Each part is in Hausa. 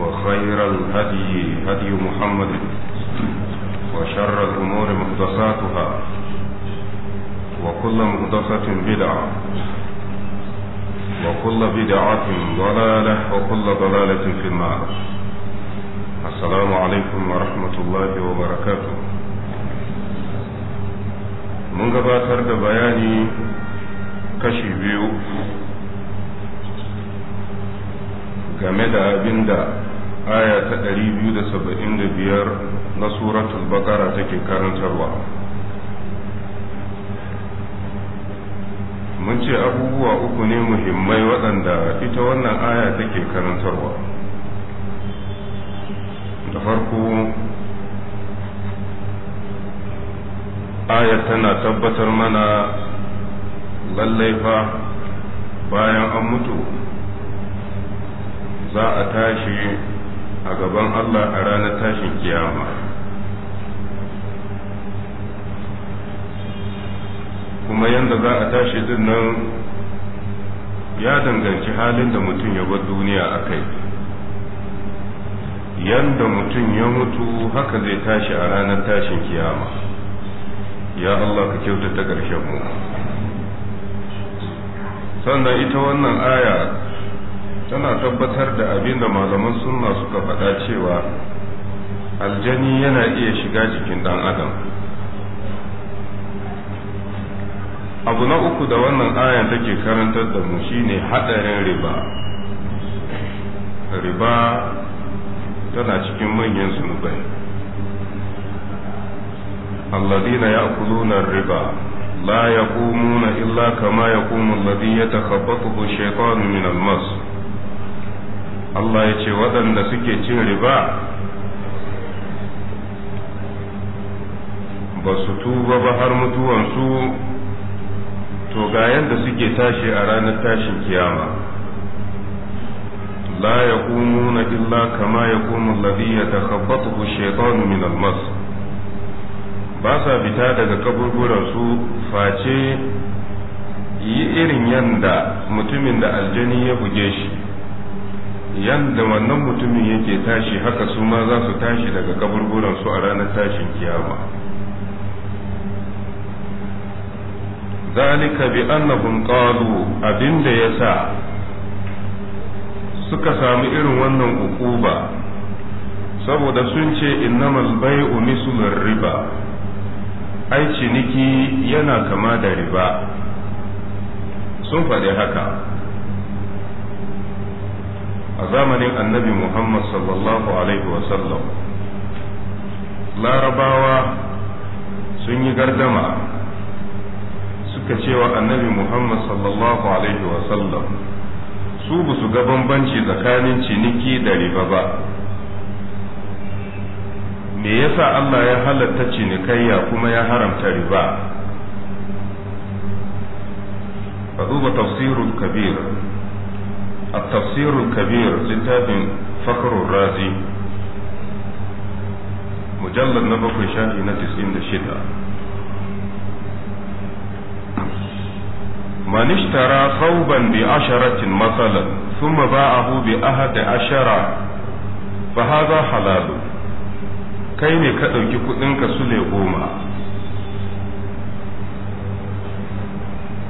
وخير الهدي هدي محمد وشر الأمور محدثاتها وكل محدثة بدعة وكل بدعة ضلالة وكل ضلالة في النار السلام عليكم ورحمة الله وبركاته من قبل بياني bayani kashi biyu game da abin da aya ta ɗari biyu da da biyar na suratul bakara take karantarwa mun ce abubuwa uku ne muhimmai waɗanda ita wannan aya take karantarwa da farko aya tana tabbatar mana lallai fa bayan an mutu za a tashi a gaban Allah a ranar tashin kiyama kuma yadda za a tashi din nan ya danganci halin da mutum ya bar duniya a kai yadda mutum ya mutu haka zai tashi a ranar tashin kiyama ya Allah ka kyautata ƙarshen mu sannan ita wannan aya tana tabbatar da abin da malaman sunna suka faɗa cewa aljani yana iya shiga jikin ɗan adam abu na uku da wannan ayan take karantar da mu shine haɗarin riba riba tana cikin manyan zunubai alladina ya'kuluna riba la yaqumuna illa kama yaqumu Ladin ya ash-shaytanu min Allah ya ce waɗanda suke cin riba ba su tuba ba har mutuwansu to ga yadda suke tashi a ranar tashin kiyama la ya na illa kama ya kumu lafi ya ku shaitanu min almas ba sa fita daga kaburburansu face yi irin yanda mutumin da aljani ya buge shi yadda wannan mutumin yake tashi haka su ma za su tashi daga kaburburan su a ranar tashin kiyama zalika bi annahum qalu abinda yasa suka samu irin wannan ukuba saboda sun ce innamal bai'u mislur riba ai ciniki yana kama da riba sun faɗi haka a zamanin annabi muhammad sallallahu alaihi sallam larabawa sun yi gardama suka cewa annabi muhammad sallallahu alaihi sallam su ba su ga bambanci tsakanin ciniki da riba ba me yasa Allah ya halatta cinikayya kuma ya haramta riba Ka zuba tafsirul kabir التفسير الكبير لتاب فخر الرازي مجلد نبقى شاهي نتسين الشدة من اشترى ثوبا بعشرة مثلا ثم باعه بأحد عشرة فهذا حلال kai ne ka ɗauki kuɗinka su ne goma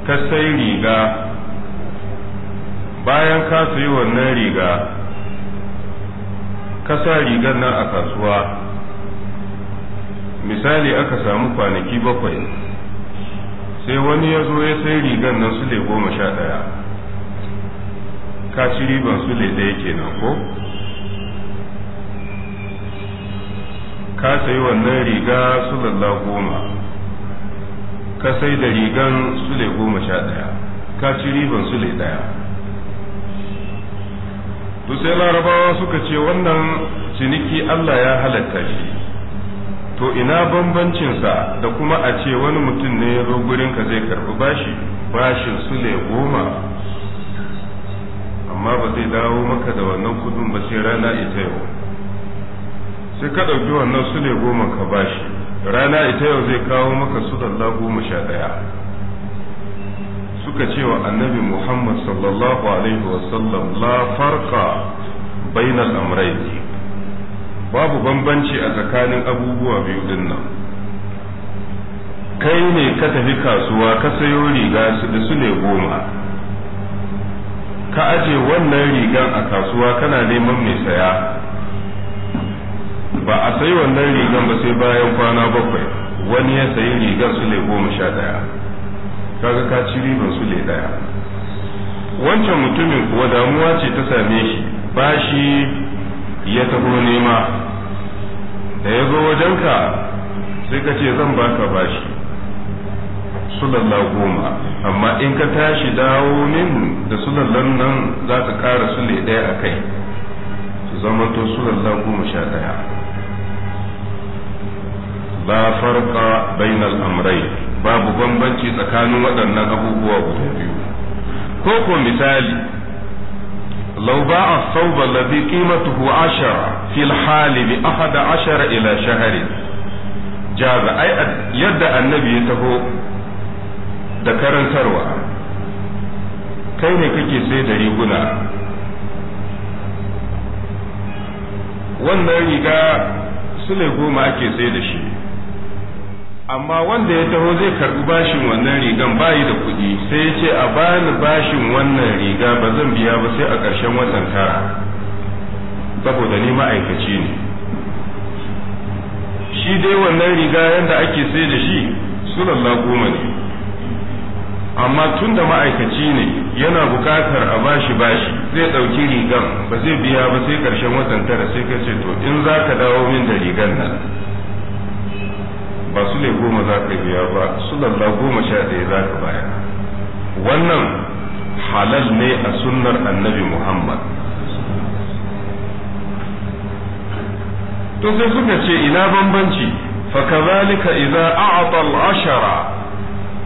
ka sai riga bayan ka sayi wannan riga ka sa rigar nan a kasuwa misali aka samu kwanaki bakwai sai wani ya zo ya sai rigar nan sule goma sha ɗaya ka ci riban sule ɗaya kenan ko ka sayi wannan riga sulalla goma ka sai da rigan sule goma sha ɗaya ka ci riban sule ɗaya to sai larabawa suka ce wannan ciniki Allah ya halatta shi to ina bambancinsa da kuma a ce wani mutum ne ya zo gurinka zai karɓi bashi bashin su ne goma amma ba zai dawo maka da wannan kudin ba sai rana ita yau sai ka ɗauki wannan su ne goma ka bashi rana ita yau zai kawo maka su dalla goma sha ɗaya suka ce wa annabi Muhammad sallallahu alaihi wasallam la farqa bainal amrayni babu bambanci a tsakanin abubuwa biyu din nan kai ne ka tafi kasuwa ka sayo riga su da su ne goma ka aje wannan rigan a kasuwa kana neman mai saya ba a sayi wannan rigan ba sai bayan kwana bakwai wani ya sayi rigan su ne goma sha daya kaga ka ci riban su le daya wancan mutumin kuwa damuwa ce ta same shi bashi ya taho nema da ya zo wajenka sai ka ce zan baka bashi Sulallar goma amma in ka tashi dawo min da sulallan nan za ka ƙara sule ɗaya a kai su zama zamanto sulallar goma sha ɗaya la farqa bainal amrai babu bambanci tsakanin waɗannan abubuwa guda biyu ko ko misali لو باع الثوب الذي قيمته عشرة في الحال بأحد عشر إلى شهر جاز أي يد النبي تهو ذكرا ثروة kai ne kake sai da riguna wannan riga sule goma ake sai da shi amma wanda ya taho zai karbi bashin wannan rigan bayi da kuɗi sai ya ce a bani bashin wannan riga ba zan biya ba sai a ƙarshen watan tara saboda ni ma'aikaci ne shi dai wannan riga yadda ake sai da shi sulalla goma ne amma tun da ma'aikaci ne yana bukatar a bashi bashi zai ɗauki rigan ba zai biya ba sai ƙarshen watan tara sai ka ce to in za ka dawo min da rigan nan ba su ne goma za ka biya ba su lalla goma sha ɗaya za ka baya wannan halal ne a sunnar annabi muhammad to sai suka ce ina bambanci fakazalika iza a'ta al-ashara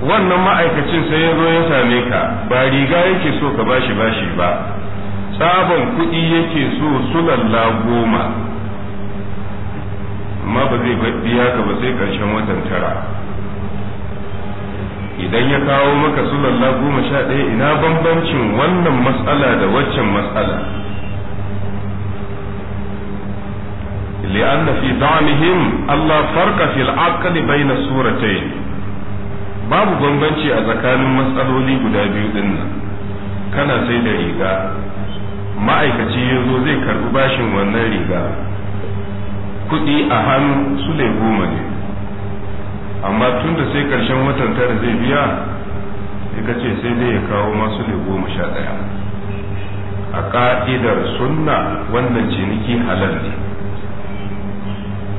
wannan ma'aikacin sai ya zo ya same ka ba riga yake so ka bashi bashi ba tsaban kuɗi yake so sulalla goma amma ba zai biya ka ba sai ƙarshen watan tara idan ya kawo maka sulalla goma sha ɗaya ina bambancin wannan matsala da waccan matsala لأن في دعمهم الله فرق في العقل بين السورتين باب بمبنشي أذكان مسألولي قد أبيضن كان سيدا إيقا ما أيكتي يزو ذكر باشن إيقا kuɗi a hannu su ne goma ne amma tun da sai ƙarshen watan tara zai biya sai ka sai dai ya kawo masu ne goma sha ɗaya a ƙa'idar sunna wannan ciniki halal ne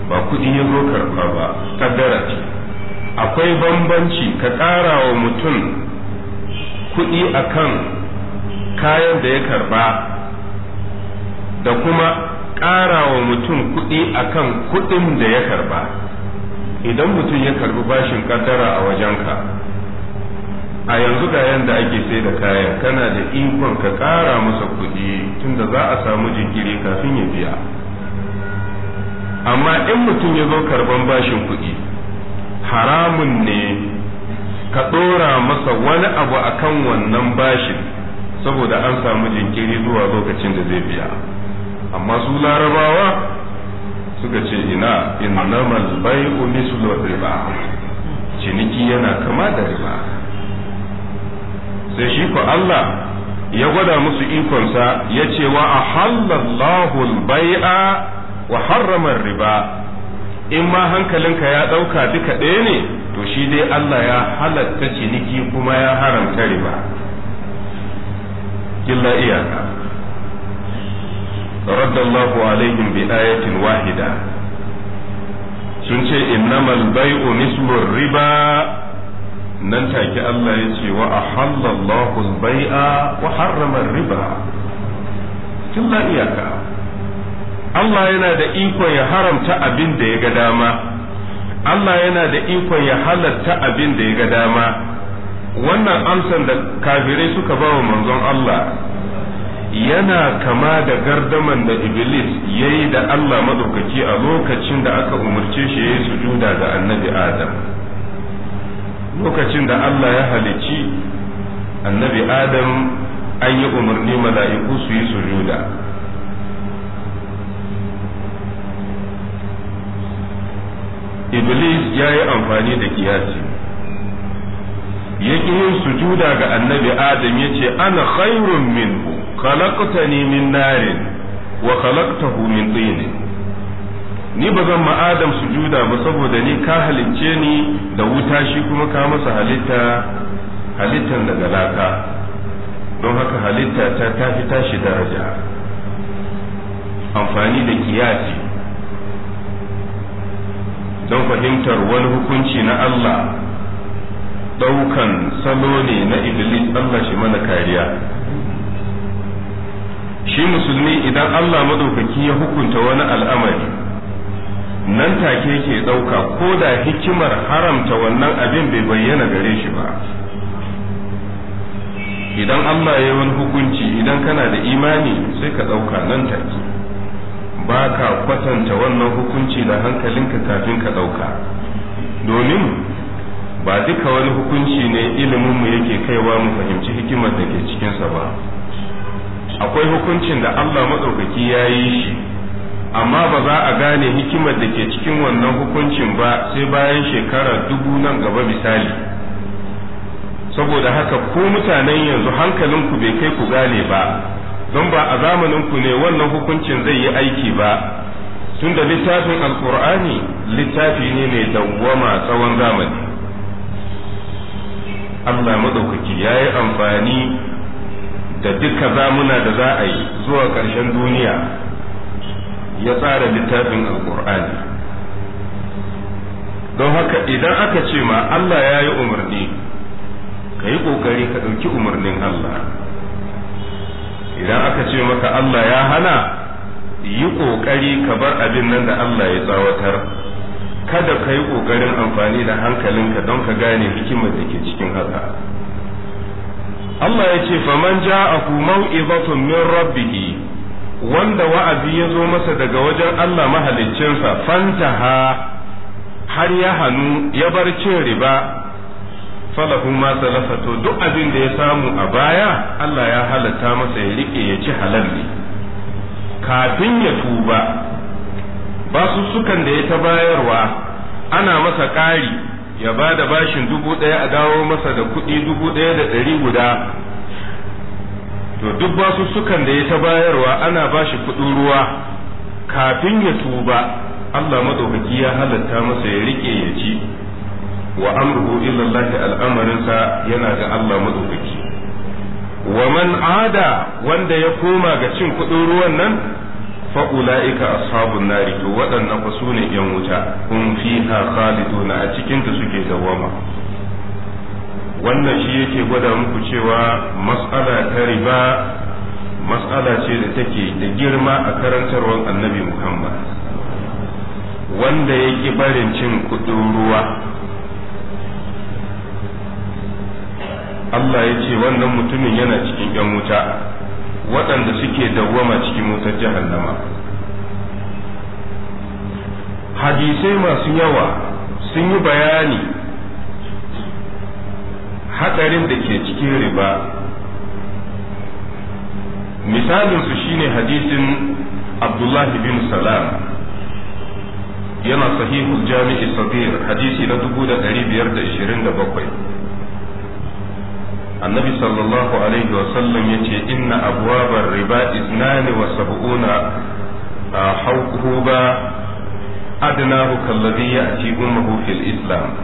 ba kudi ya zo karɓa ba kaddara ce akwai bambanci ka ƙara wa mutum kuɗi akan kayan da ya karɓa da kuma ƙara wa mutum kuɗi akan kuɗin da ya karba idan mutum ya karbi bashin ƙaddara a wajenka a yanzu ga yanda ake sai da kayan kana da ikon ka ƙara masa kuɗi tunda za a samu jinkiri kafin ya biya amma in mutum ya zo karban bashin kuɗi haramun ne ka ɗora masa wani abu akan wannan bashin saboda an samu jinkiri zuwa lokacin da zai biya amma su larabawa suka ce ina innamal bai'u mislu riba ciniki yana kama da riba sai shi ko Allah ya gwada musu sa ya ce wa ahallallahu al-bai'a wa harrama riba in ma hankalinka ya ɗauka duka ɗaya ne to shi dai Allah ya halatta ciniki kuma ya haramta riba illa iyaka رد الله عليهم بآية واحدة sun ce innamal bai'u nisbur riba nan take Allah ya ce wa ahallallahu al-bai'a wa riba tun iyaka Allah yana da ikon ya haramta abin da ya ga dama Allah yana da ikon ya halatta abin da ya ga dama wannan amsan da kafirai suka ba wa manzon Allah yana kama da gardaman da iblis ya yi da Allah madaukaki a lokacin da aka umarce shi ya yi sujuda ga annabi adam lokacin da Allah ya halici annabi adam an yi umarni mala'iku su yi sujuda iblis ya yi amfani da kiyasi yake yin sujuda ga annabi adam yace ana khairun minhu khalaqtani min narin wa khalaqtahu min tin ni ba zan ma adam sujuda ba saboda ni ka halicce ni da wuta shi kuma ka masa halitta halittan daga laka don haka halitta ta tafi tashi daraja amfani da kiyasi don fahimtar wani hukunci na Allah daukan salo ne na iblis Allah shi mana kariya shi musulmi idan Allah madaukaki ya hukunta wani al'amari nan take ke dauka ko da hikimar haramta wannan abin bai bayyana gare shi ba idan Allah ya yi wani hukunci idan kana da imani sai ka dauka nan take ba ka kwatanta wannan hukunci da hankalinka kafin ka dauka domin ba duka wani hukunci ne iliminmu yake kaiwa mu fahimci hikimar da ke cikinsa ba akwai hukuncin da Allah maɗaukaki ya yi shi amma ba za a gane hikimar da ke cikin wannan hukuncin ba sai bayan shekara dubu nan gaba misali saboda haka ko mutanen yanzu hankalinku bai kai ku gane ba don ba a zamaninku ne wannan hukuncin zai yi aiki ba tunda littafin alkur'ani littafi ne mai dawwama tsawon zamani Allah madaukaki ya yi amfani da duka zamuna da za a yi zuwa ƙarshen duniya ya tsara littafin alƙur'ani don haka idan aka ce ma Allah ya yi umarni ka yi ƙoƙari ka ɗauki umarnin Allah idan aka ce maka Allah ya hana yi ƙoƙari ka bar abin nan da Allah ya tsawatar kada ka yi ƙoƙarin amfani da hankalinka don ka gane hikimar da ke cikin haka Allah ya ce faman ja'aku maw'izatum min rabbih wanda wa'azi ya zo masa daga wajen Allah mahaliccinsa ha har ya hannu ya bar cin riba falahu ma to duk abin da ya samu a baya Allah ya halatta masa ya rike ya ci halal ne kafin ya tuba basussukan da ya ta bayarwa ana masa ƙari ya ba da bashin dubu ɗaya a dawo masa da kuɗi dubu ɗaya da ɗari guda to duk basussukan da ya ta bayarwa ana bashi kuɗin ruwa kafin ya tuba Allah madaukaki ya halatta masa ya rike ya ci wa amruhu illallahi al'amarinsa yana ga Allah madaukaki wa man ada wanda ya koma ga cin kuɗin ruwan nan fa'ula'ika ashabun nari to waɗannan fa su ‘yan wuta kun fiha a cikinta suke dawama wannan shi yake gwada muku cewa mas'ala ta riba mas'ala ce da take da girma a karantarwar annabi muhammad wanda ya ƙi barin cin kuɗin ruwa Allah ya ce wannan mutumin yana cikin ‘yan wuta’ waɗanda suke dawwama cikin wutar jahannama hadisai masu yawa sun yi bayani hatsarin da ke cikin riba misalinsu shine hadisin abdullahi bin salam yana sahihu jami'i sabir hadisi na 1527 annabi sallallahu alaihi wa sallam yace inna abwabar riba isnani wa sab'una hawquba adnahu kalladhi ya'ti ummuhu fil islam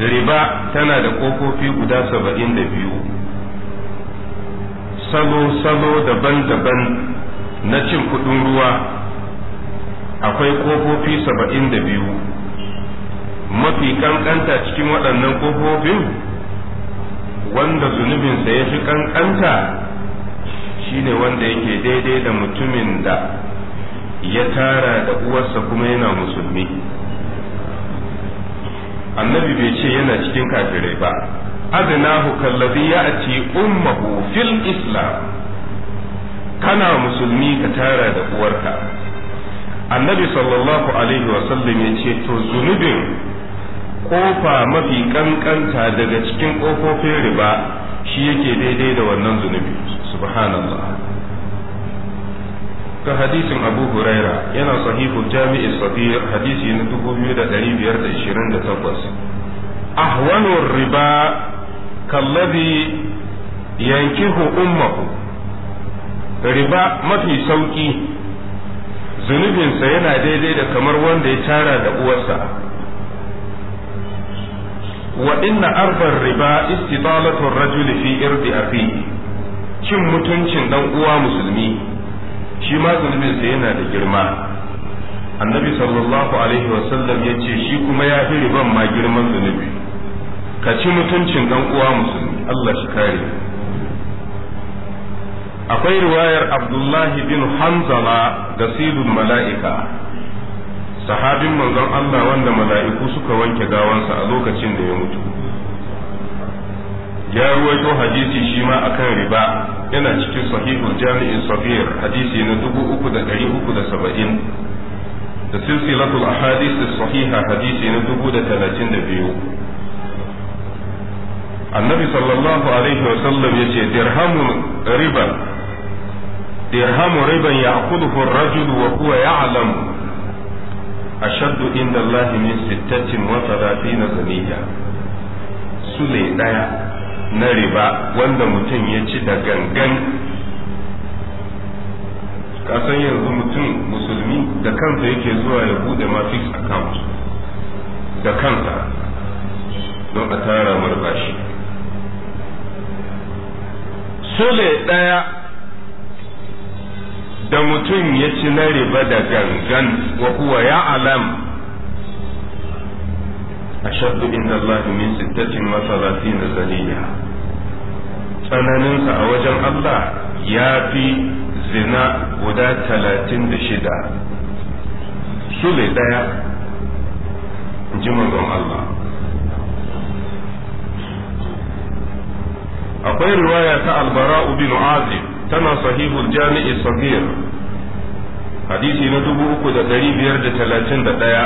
riba tana da kofofi guda saba'in da biyu salo-salo daban-daban na cin kuɗin ruwa akwai kofofi saba'in da biyu mafi kankanta cikin waɗannan kofofin wanda zunubinsa ya fi kankanta shine wanda yake daidai da mutumin da ya tara da uwarsa kuma yana musulmi annabi bai ce yana cikin kafirai ba adnahu kallazi ya'ti ummuhu fil islam kana musulmi ka tara da uwarka annabi sallallahu alaihi wasallam ya ce to zunubin kofa mafi kankanta daga cikin kofofin riba shi yake daidai da wannan zunubi subhanallah ka hadisin abu huraira yana sahihu jami'i sabir hadisi na takwas ahwanur riba kallabi yankihu ummahu riba mafi sauki zunubinsa yana daidai da kamar wanda ya tara da uwarsa wa inna arbar riba istitalatul rajuli fi irdi akhihi cin mutuncin ɗan uwa musulmi shi ma zulmin yana da girma annabi sallallahu alaihi wasallam ya ce shi kuma ya fi riban ma girman zunubi ka ci mutuncin dan uwa musulmi Allah shi kare akwai riwayar abdullahi bin hanzala da sidul mala'ika sahabin manzon Allah wanda mala'iku suka wanke gawansa a lokacin da ya mutu ya ruwaito hadisi shi ma akan riba yana cikin sahihul jami'in safiyar hadisi na 3370 da silsilatul ahadith sahiha hadisi na 1032 annabi sallallahu alaihi wa sallam ya yace dirhamun riban dirhamu riban ya'khudhu ar-rajulu wa huwa ya'lamu ashaddu inda Allah min sittatin wa na zaniya sule daya na riba wanda mutum ya ci da gangan kasan yanzu mutum musulmi da kansa yake zuwa ya bude ma fix account da kansa don a tara marbashi sule daya da mutum ya ci na riba da gangan wa kuwa ya alam a shaɗu inda Allah min sittatin wa na zaniya tsananinsa a wajen Allah ya fi zina guda talatin da shida sule daya ji manzon Allah akwai riwaya ta albara'u bin azib tana sahihul jami'i sabir hadisi na dubu uku da ɗari biyar da talatin da ɗaya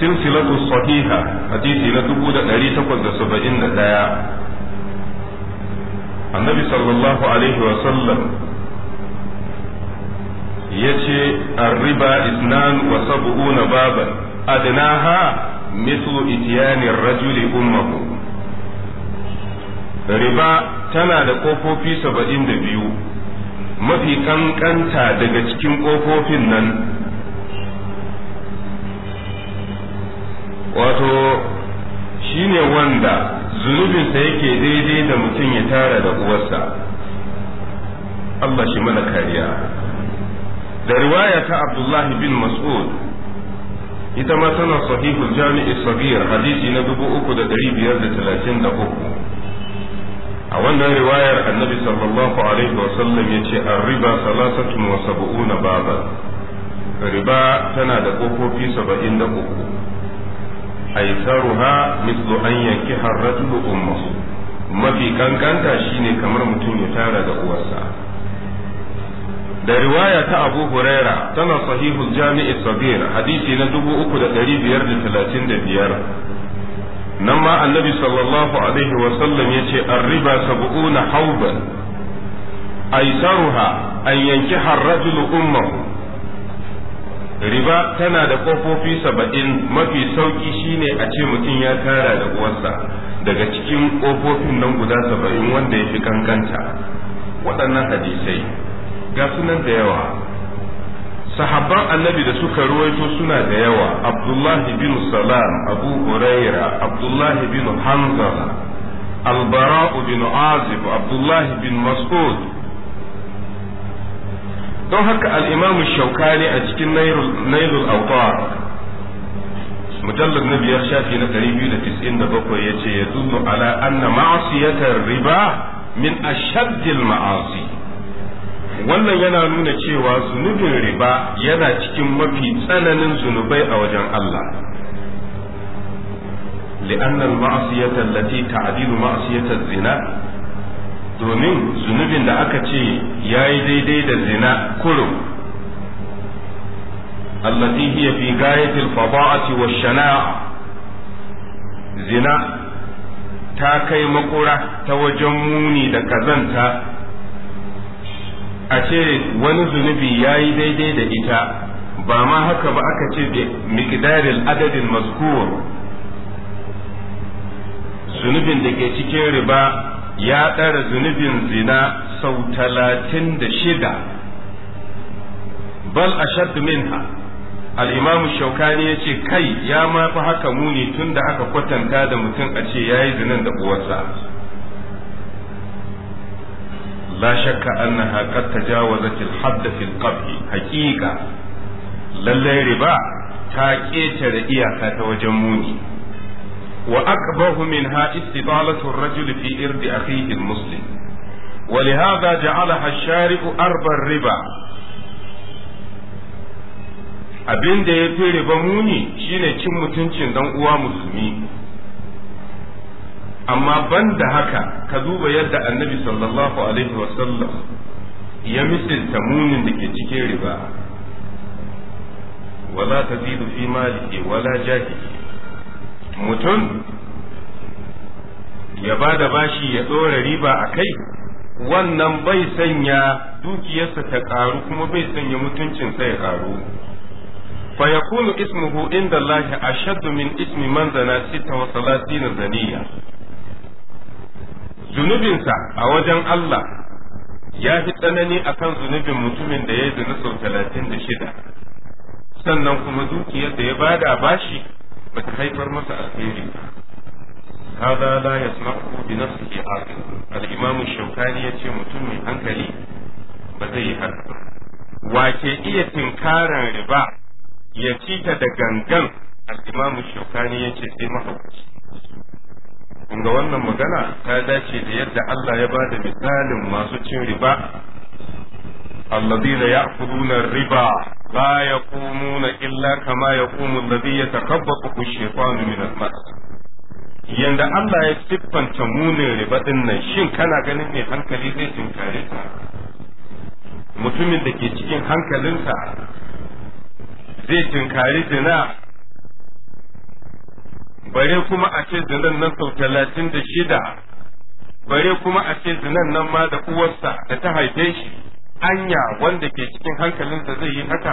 silsilatu sahiha hadisi na dubu da ɗari takwas da saba'in da ɗaya annabi sallallahu alaihi wa sallam ya ce arriba isnan sab'una baban adnaha mithlu rajuli ummahu riba tana da kofofi saba'in da biyu mafi kankanta daga cikin kofofin nan wato shi ne wanda zunubinsa yake daidai da mutum ya tara da uwarsa Allah shi mana kariya da riwaya ta Abdullahi bin Mas'ud ita ma tana sahihul jami'i sabir hadisi na 3533 a wannan riwayar annabi sallallahu alaihi Sallam ya ce riba salasatun wa sab'una baba riba tana da kofofi saba'in da uku aitharuha mislu an yankiha ar-rajulu ummuhu mafi kankanta shine kamar mutum ya tara da uwarsa da riwaya ta Abu Huraira tana sahihul Jami'i Sabir hadisi na 3535 nan ma annabi sallallahu alaihi wa sallam yace arriba sab'una hauban aisaruha an yanke ar-rajulu riba tana da kofofi saba'in mafi sauki shine a ce mutum ya tara da uwarsa daga cikin ƙofofin nan guda saba'in wanda ya fi kankanta waɗannan hadisai ga sunan da yawa sahabban annabi da suka ruwaito suna da yawa abdullahi bin salam abu huraira abdullahi bin Hanza albara'u bin azib abdullahi bin mas'ud don haka al'imamu shaukani a cikin nailul autar mujallar na biyar shafi na 297 ya ce ya dubu ala anna ma'asiyatar riba min ashaddil ma'asi wannan yana nuna cewa zunubin riba yana cikin mafi tsananin zunubai a wajen Allah li'annan ma'asiyata allati ta'dilu ma'asiyata zina domin zunubin da aka ce yayi daidai da zina kurum allati hiya fi gayati al-fada'ati wash-shana'a zina ta kai makura ta wajen muni da kazanta a ce wani zunubi ya yi daidai da ita ba ma haka ba aka ce miqdaril adadin mazkur zunubin da ke cikin riba ya ɗara zunubin zina sau talatin da shida bal a minha al-imam shaukani ya ce kai ya ma fi haka muni tun da aka kwatanta da mutum a ce ya yi zinin da uwarsa la shakka annaha qad tajawazat al-hadd fi al-qabh haqiqa riba ta ketare iyaka ta wajen muni wa aqbahu minha istibalatu ar-rajul fi irdi akhihi al-muslim ولهذا جعلها الشارع أربا الربا abin da ya fi riba muni shine cin mutuncin dan uwa musulmi amma ban da haka ka duba yadda annabi sallallahu alaihi wasallam ya misilta munin da ke cikin riba wala ta tazidu fi maliki wala jahihi mutum ya ba da bashi ya ɗora riba a kai wannan bai sanya dukiyarsa ta karu kuma bai sanya mutuncinsa ya ƙaru فيكون اسمه عند الله أشد من اسم من زنا ستة وثلاثين زنية zunubinsa a wajen Allah ya fi tsanani a kan zunubin mutumin da ya yi sau talatin da shida sannan kuma dukiyar da ya bada bashi ba ta haifar masa alheri هذا لا يسمعه بنفسه عاقل الإمام الشوكاني يتي متمي أنكلي بدي هكذا وكيئية da ربا يتيت دقنقن الإمام الشوكاني يتي سيمه ga wannan magana ta dace da yadda Allah ya bada misalin masu cin riba alladhina ya'kuluna riba la yaqumuna illa kama yaqumu alladhi yatakabbathu ash-shaytanu min al-mas yanda Allah ya siffanta munin riba din nan shin kana ganin mai hankali zai kare ta mutumin da ke cikin hankalinsa zai tinkari zina bare kuma a ce zinan nan sau talatin da shida bare kuma a ce zinan nan ma da uwarsa da ta haife shi anya wanda ke cikin hankalinsa zai yi haka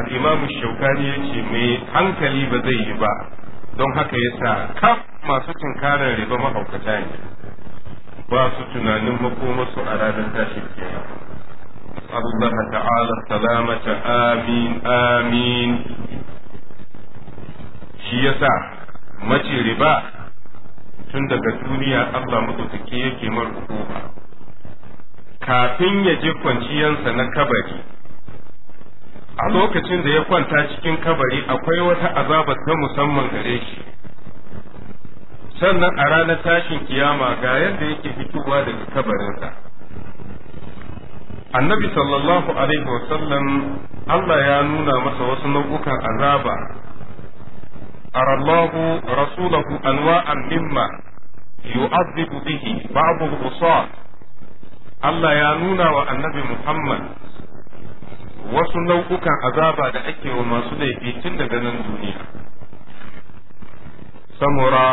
al'imamu shaukani ya ce mai hankali ba zai yi ba don haka ya sa kaf masu tunkarar riba mahaukata ne ba su tunanin makomarsu a ranar tashi kenan Allah ta'ala salamata amin amin shi yasa mace riba tun daga duniya Allah madaukake yake marku kafin ya je kwanciyansa na kabari a lokacin da ya kwanta cikin kabari akwai wata azaba ta musamman gare shi sannan a ranar tashin kiyama ga yadda yake fitowa daga kabarinsa annabi sallallahu alaihi wasallam Allah ya nuna masa wasu nau'ukan azaba arallahu rasulahu anwa'an mimma yu'adhibu bihi ba'dahu usat Allah ya nuna wa annabi Muhammad wasu nau'ukan azaba da ake wa masu laifi tun daga nan duniya samura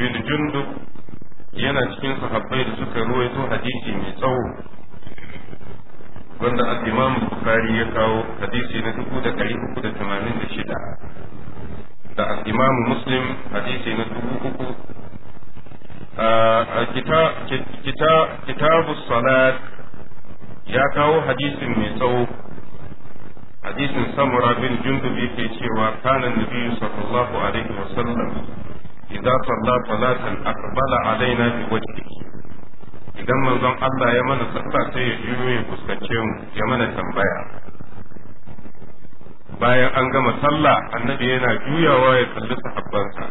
bin Jundu yana cikin sahabbai da suka ruwaito hadisi mai tsawo wanda al-imam bukhari ya kawo hadisi na 1386 da imamu muslim hadisi na dubu uku A kitabu salat ya kawo hadisin mai tsawo hadisin samura bin jundub yake cewa kanan nabiyyu sallallahu alaihi wasallam idan salla salatan aqbala alaina bi wajhihi idan manzon Allah ya mana sallah sai ya juyo ya fuskace mu ya mana tambaya bayan an gama sallah annabi yana juyawa ya kalli sahabbansa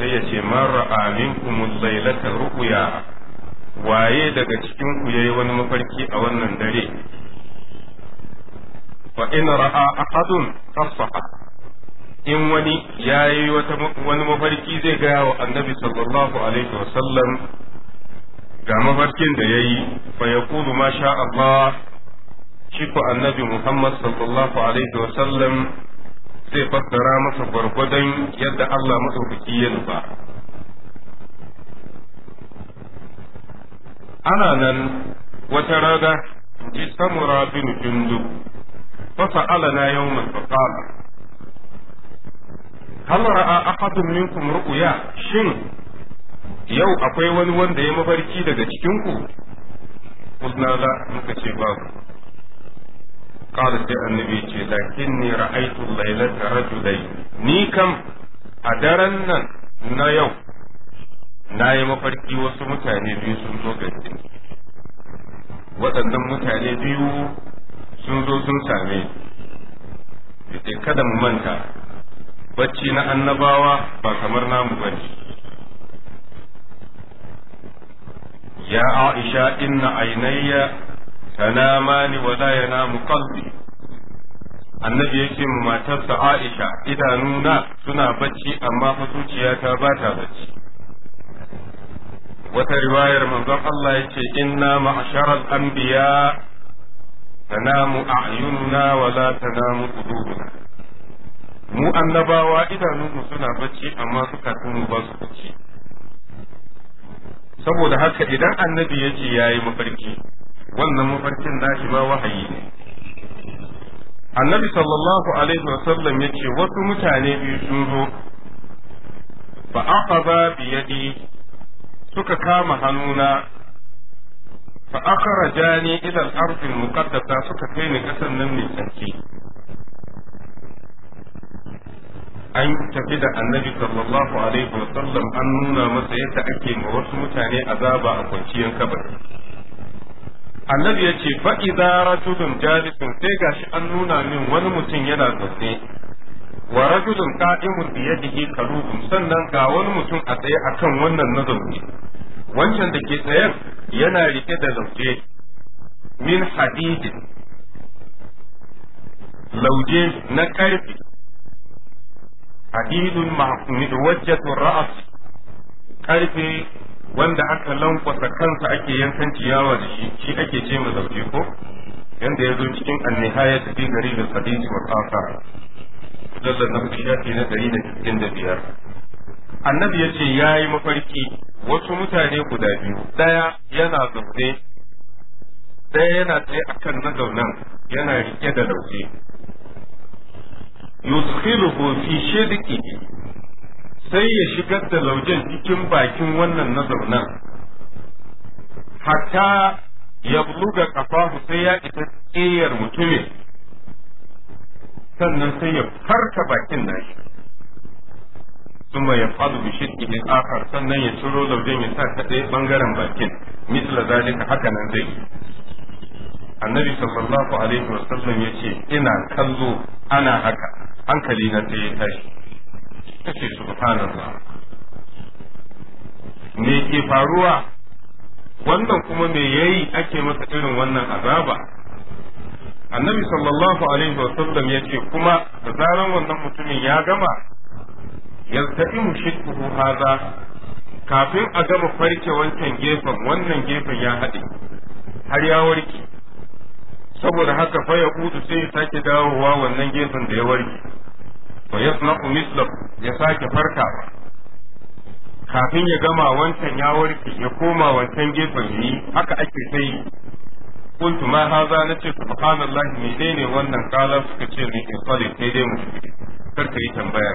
sai ya ce man ra'a minkum lailata ru'ya waye daga cikin ku yayi wani mafarki a wannan dare fa in ra'a ahadun tasfaha in wani yayi wata wani mafarki zai ga wa annabi sallallahu alaihi wasallam ga mafarkin da yayi fa yaqulu ma sha Allah shi ko annabi Muhammad sallallahu alaihi wa sallam zai fassara masa gwargwadon yadda Allah maɗaukaki ya nufa. Ana nan wata rana ji samura bin jundu fasa'ala na yau fasala. Hal ra'a ahadun minkum ru'ya shin yau akwai wani wanda ya mafarki daga cikinku? Kusna la muka ce babu. qala sai annabi ce lakinni ra'aytu laylata rajulai ni kam a daren nan na yau na yi mafarki wasu mutane biyu sun zo gaske waɗannan mutane biyu sun zo sun same yace kada mu manta bacci na annabawa ba kamar namu bane ya aisha inna ainayya tanamani wa la yanamu qalbi annabi yake mu matarsa Aisha idanuna suna bacci amma fa zuciyata ba ta bacci wata riwayar manzon Allah yace inna ma'sharal anbiya tanamu a'yununa wa la tanamu qulubuna mu annabawa idanunmu suna bacci amma zukatunmu ba su bacci saboda haka idan annabi yace yayi mafarki wannan mafarkin nashi ba wahayi ne annabi sallallahu alaihi wasallam ya ce wasu mutane biyu sun zo fa aqaba bi yadi suka kama hannuna fa ni ila al-ard al-muqaddasa suka kai ni kasan nan mai tsarki an tafi da annabi sallallahu alaihi wasallam an nuna masa yadda ake ma wasu mutane azaba a kwanciyar kabari annabi ya ce fa idza rajulun jalisun sai gashi an nuna min wani mutum yana zaune wa rajulun qa'imun bi yadihi kalubun sannan ga wani mutum a tsaye akan wannan nazari wancan da ke tsayen yana rike da lauje min hadidin lauje na karfi hadidun mahmud wajjatu ra'as karfe wanda aka lankwasa kansa ake yankan ciyawa da shi shi ake ce mu zauje ko yanda ya zo cikin annihaya ta fi gari da sadisi wa kafara sallar na shafi na gari da cikin da biyar annabi ya ce ya yi mafarki wasu mutane guda biyu ɗaya yana zaune ɗaya yana tsaye akan na zaunan yana rike da lauje yusfiruhu fi shidqihi sai ya shigar da laujen cikin bakin wannan na zaunan hatta ya buluga kafahu sai ya isa tsayar mutumin sannan sai ya farka bakin nashi bi shi بشده الاخر sannan ya ciro laujen ya sa ta ɗaya bangaren bakin misla zalika haka nan zai annabi sallallahu alaihi wasallam ya ce ina kallo ana haka hankali na sai ya tashi ta ce subhanallah me ke faruwa wannan kuma me yayi ake masa irin wannan azaba annabi sallallahu alaihi wasallam ya ce kuma da zaran wannan mutumin ya gama yalta'imu shidduhu haza kafin a gama farke wancan gefen wannan gefen ya haɗe har ya warke saboda haka fa ya sai ya sake dawowa wannan gefen da ya warke wa yasna'u mislahu ya sake farka kafin ya gama wancan ya warke ya koma wancan gefen yi haka ake sai kuntu ma haza na ce me dai ne wannan kala suka ce ne in sai dai mu karka yi tambaya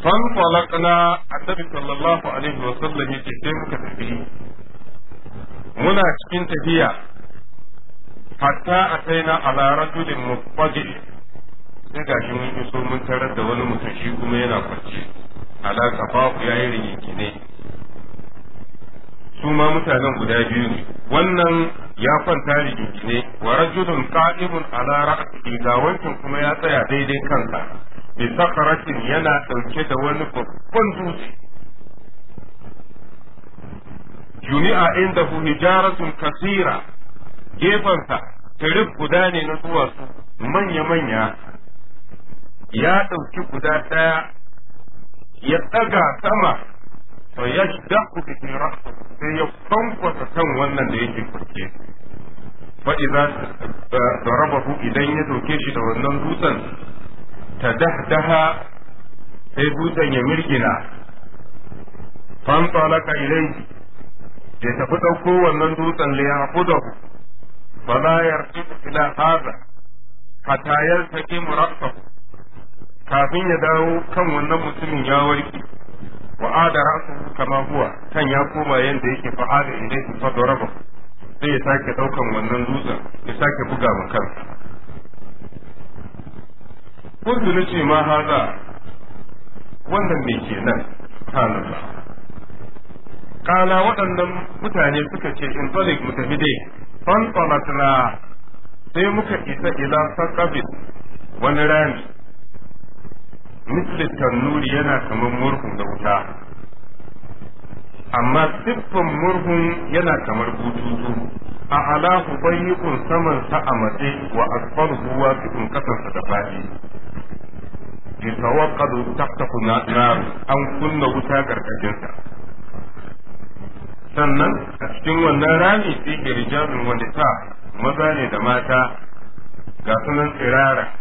fan falakna annabi sallallahu alaihi wa sallam yace sai muka tafi muna cikin tafiya hatta ataina ala rajulin mufadi sai shi mun iso mun tarar da wani mutum shi kuma yana kwance alaka kafafu ya yi rigingi ne su ma mutanen guda biyu ne wannan ya kwanta rigingi ne wa rajulun qa'imun ala ra'si ga wancan kuma ya tsaya daidai kansa bi sakaratin yana dauke da wani babban dutse jumi'a hu hijaratun kasira gefensa tarif guda ne na duwatsu manya-manya ya ɗauki guda ɗaya ya ɗaga sama to ya shiga kuɗi ne sai ya kwankwasa kan wannan da yake kurke fa eh, raba ku idan ya doke shi da wannan dutsen ta tadahdaha sai dutsen ya mirgina fantalaka ilai ya tafi ɗauko wannan dutsen da ya haƙudahu ba za ya ila haza hatta yaltaki murassahu kafin ya dawo kan wannan mutumin ya warke wa ada rasu kama huwa kan ya koma yanda yake ada idan yake fa raba sai ya sake daukan wannan dutsen ya sake buga ma kansa kuntu nace ma haza wannan me kenan kana kala waɗannan mutane suka ce in talik mu tafi dai sai muka isa ila sakabit wani rami misli tannuri yana kamar murhun da wuta amma siffan murhun yana kamar bututu a alahu bayyukun saman sa a matse wa asfar ruwa cikin kasansa da fadi yatawaqqadu taqtaqu na an kunna wuta gargajinsa. sannan a cikin wannan rami sai ke wani ta maza ne da mata ga sunan tsirara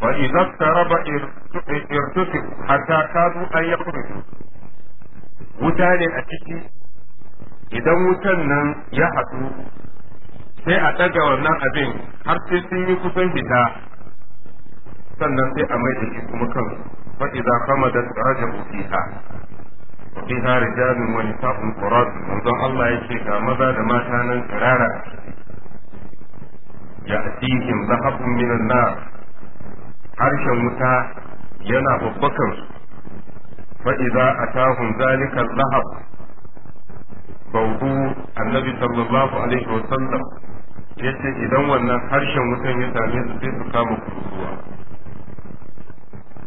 فإذا اقترب ارتكب حتى كادوا أن يخرجوا mutane a ciki idan wutan nan ya haɗu sai a ɗaga wannan abin har sai sun yi kusan fita sannan sai a mai da shi kuma kan kama da tsaraja fiha fiha rijalun wani nisa'un qurat manzon Allah yake ga maza da mata nan tsirara ya atihim zahabun minan nar harshen wuta yana babbakar su fa idza atahum zalika lahab bawdu annabi sallallahu alaihi wasallam ya yace idan wannan harshen wutan ya same su sai su kama kuruwa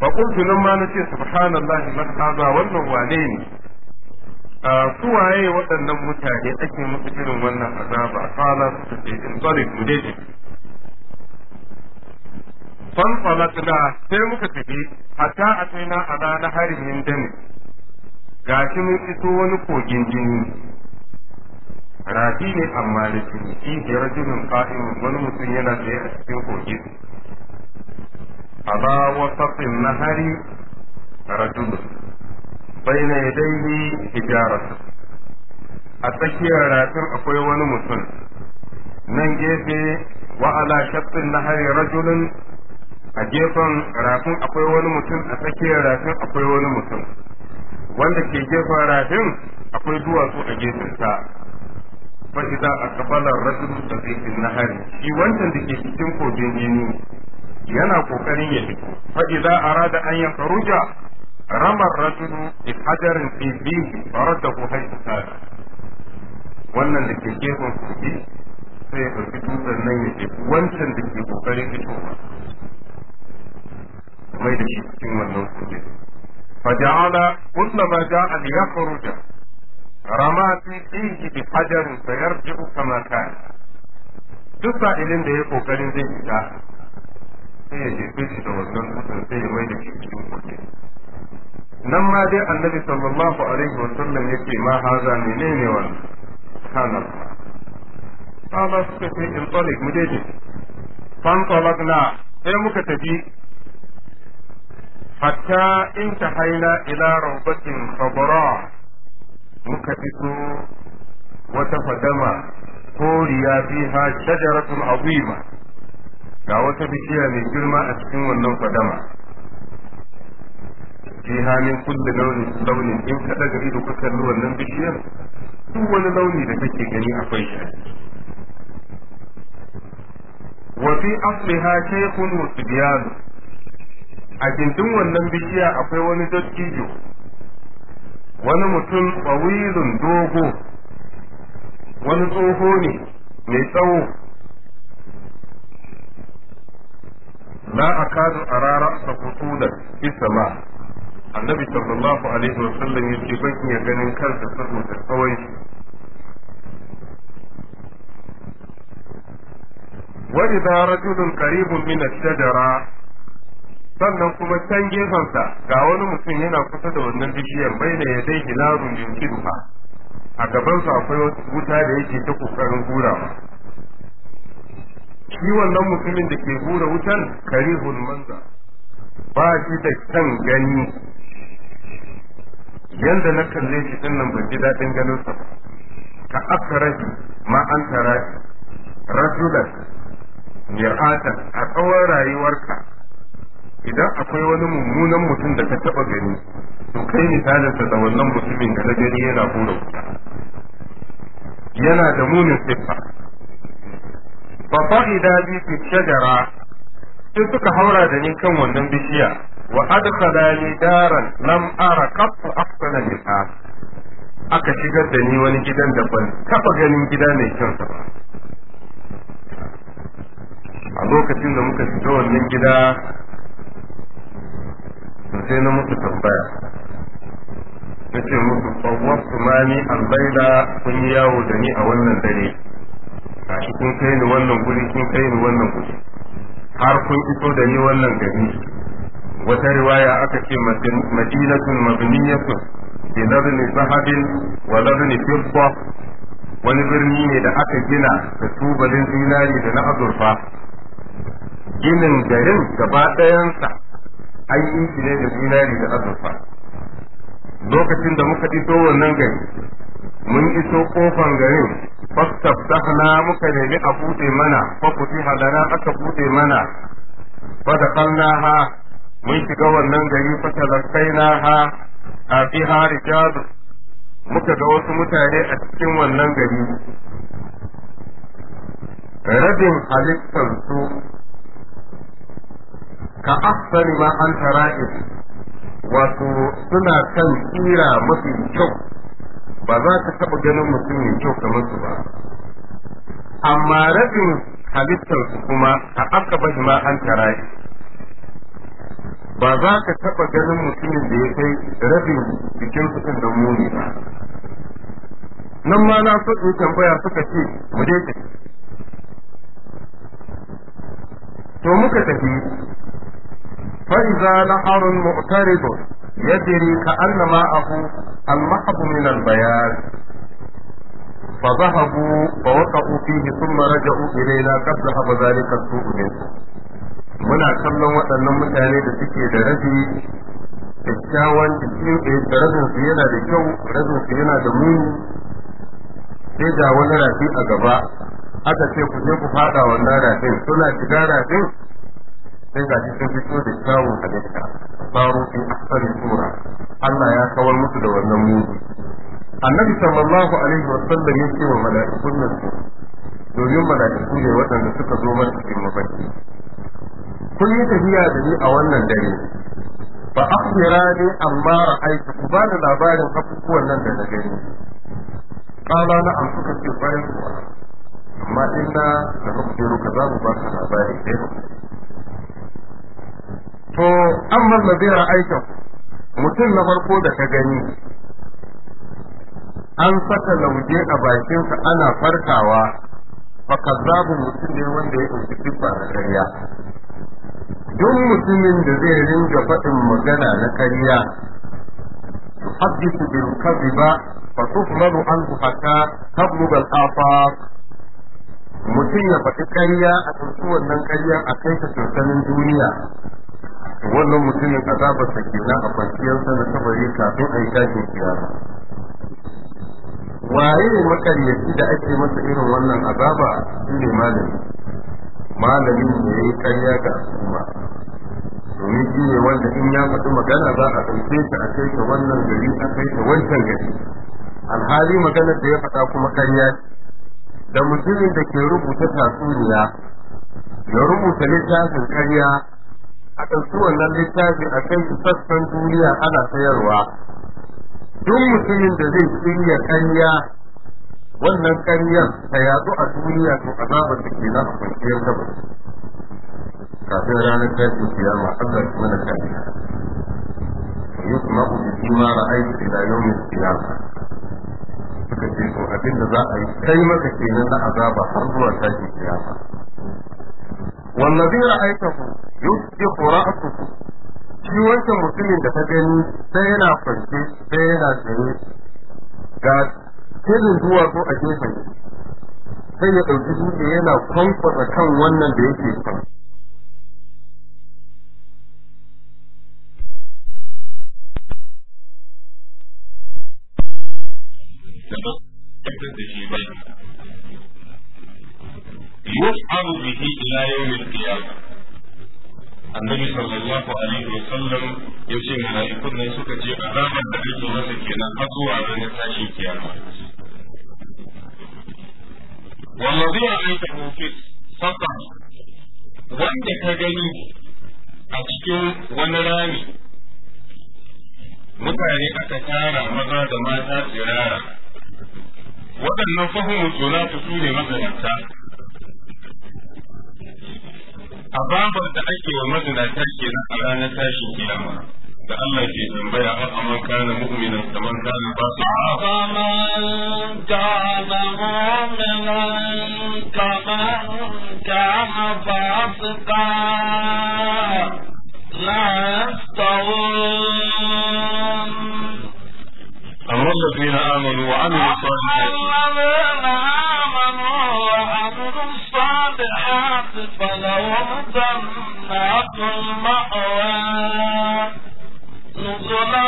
fa qultu nan ma nace subhanallahi man hada wannan wane ne su waye waɗannan mutane ake musu irin wannan azaba kala su ce in fanfalakna sai muka tafi hatta a tsina a ranar harin yin Ga shi mun iso wani kogin jini rafi ne amma da jini shi ke rajulun fa'imun wani mutum yana tsaye a cikin kogin a ba na hari rajulun bai na yadaihi hijaratu a tsakiyar rafin akwai wani mutum nan gefe wa ala na hari rajulun a gefen rafin akwai wani mutum a tsakiyar rafin akwai wani mutum wanda ke gefen rafin akwai duwatsu a gefen sa fa idza aqbala ar-rajulu an nahari shi wancan da ke cikin kogin jini yana kokarin ya fito fa idza arada an yakhruja rama ar rajul bi hajarin fi bihi faradahu haythu kana wannan da ke gefen kogi sai ya ɗauki dutsen nan ya ce wancan da ke kokarin fitowa mai da shi cikin wannan kudi faja'ala kullama ja'a liyakhruja rama fi fihi bi hajarin fayarji'u kama kana duk sa'ilin da ya kokarin zai fita sai ya je shi da wannan kuɗin sai ya mai da shi cikin kuɗi. nan ma dai annabi sallallahu alaihi wa sallam ce ma haza menene wannan kana Allah suka ce in tsalik mu daidai fan tsalak na sai muka tafi hatta in ta haina ila rahbatin khabara muka fito wata fadama koriya fiha shajaratun azima ga wata bishiya mai girma a cikin wannan fadama fiha min kulli launin launin in ka daga ido ka wannan bishiyar duk wani launi da kake gani akwai shi wa fi asliha shaykhun wa tibyanu a gindin wannan bishiya akwai wani dattijo wani mutum tsawilun dogo wani tsoho ne mai tsawo Na a kazu a rara sa kusudan isama annabi sallallahu alaihi wasallam ya ce ban ya ganin kansa saboda tsawon shi وإذا rajulun قريب min الشجرة sannan kuma can gefensa ga wani mutum yana kusa da wannan bishiyar bai da ya dai hilarun yunkiduha a gabansa akwai wuta da yake ta kokarin hurawa shi wannan mutumin da ke hura wutan karihul manza ba shi da kan gani yanda na kalle shi din nan ban ji daɗin ganin sa ka aka ma an tara rasulat mir'atan a tsawon rayuwarka idan akwai wani mummunan mutum da ka taba gani to kai misalinsa da wannan mutumin da na gani yana hura yana da munin siffa fa fa'ida bi fi shajara sai suka haura da ni kan wannan bishiya wa adkhala ni daran lam ara qattu ahsana minha aka shigar da ni wani gidan da ban taba ganin gida mai kyau ba a lokacin da muka fito wannan gida to sai na musu tambaya na ce musu tsawon mani albaida kun yi yawo da ni a wannan dare a shi kun kai ni wannan guri kun kai ni wannan guri har kun iso da ni wannan gari wata riwaya aka ce madinatun mabniyatun bi labni sahabin wa labni fidda wani birni ne da aka gina da tubalin zinari da na azurfa ginin garin gaba ɗayansa an shi ne da zinari da azurfa lokacin da muka iso wannan gari mun iso kofan garin fastaftahna muka nemi a bude mana fa futiha lana aka bude mana fa ha mun shiga wannan gari fa talaqaina ha a hari rijal muka ga wasu mutane a cikin wannan gari rabin halittar su ka ahsani ma an tara'ib wato suna kan tsira mafi kyau ba za ka taɓa ganin mutum mai kyau kamar su ba amma rabin halittarsu kuma a aka bashi ma an tara'ib ba za ka taɓa ganin mutumin da ya kai rabin jikin su da muni ba nan ma na so in tambaya suka ce mu dai to muka tafi فإذا نحر معترض يدري كأن ماءه المحب من البيان فذهبوا فوقعوا فيه ثم رجعوا إلينا قد ذهب ذلك السوء منه muna kallon waɗannan mutane da suke da rabi kyakkyawan da rabin su yana da kyau rabin su yana da muni sai ga wani rafi a gaba aka ce ku je ku fada wannan rafin suna shiga rafin sai ga sun fito da kyawun halitta baro fi aksari tura Allah ya kawar musu da wannan mugu annabi sallallahu alaihi wa sallam ya ce wa mala'ikun nan domin mala'iku ne waɗanda suka zo mana cikin mafarki kun yi tafiya da ni a wannan dare ba akhbira ni amma ra'aytu ku ba da labarin abubuwan nan da na gani qala na am suka ce bayan amma inna la nukhbiruka za mu ka labari dai to amma zai aika mutum na farko da ka gani an saka lauje a bakinsa ana farkawa fa kazzabu mutum ne wanda ya ɗauki siffa na ƙarya duk mutumin da zai ringa faɗin magana na ƙarya yuhaddisu bil kadhiba fa tuhmalu an hatta tablugha al afaq mutum ya faɗi ƙarya a tsantsuwan nan ƙarya a kai ta sansanin duniya wannan mutumin azabar sa kenan a kwanciyar sa na sabari kafin a yi tashin kiyama waye ne makaryaci da ake masa irin wannan azaba ne malami malamin ne ya yi karya ga al'umma domin shi ne wanda in ya faɗi magana za a ɗauke shi a kai ta wannan gari a kai ta wancan gari alhali maganar da ya faɗa kuma karya da mutumin da ke rubuta tatsuniya ya rubuta littafin karya a ɗauki wannan littafi a kai sassan duniya ana sayarwa duk mutumin da zai shirya kariya wannan ƙaryar ta yatsu a duniya to azabar da ke zama a kwanciyar gaba kafin ranar tashin kiyama Allah ya mana kariya ku bi ma ra'aytu ila yawmin qiyamah suka ce to abin da za a yi kai maka kenan na azaba har zuwa tashin kiyama wallazi ra'aytahu yusbihu ra'suhu shi wancan mutumin da ta gani sai yana kwance sai yana tsaye ga kirin zuwa ko a gefen sai ya ɗauki dutse yana kwankwasa kan wannan da yake kan da shi ba يشعر به إلى يوم القيامة النبي صلى الله عليه وسلم يشي ملائكون نسوك جي أبابا دقيق وسكينا أطوى من التاشي كياما والذي عليك موفيس السطر wanda ka gani a cikin wani rami mutane aka tara maza da mata tsirara waɗannan fahimu sunatu su ne mazalanta azabar da ake wa mazinata kenan a ranar tashin kiyama da Allah ke tambaya a aman kana mu'minan kaman kana ba su kaman kana mu'minan kaman kana ba su ka la yastawun أمر الذين آمنوا وعملوا الصالحات الذين آمنوا وعملوا الصالحات فلهم جنات المأوى نزلا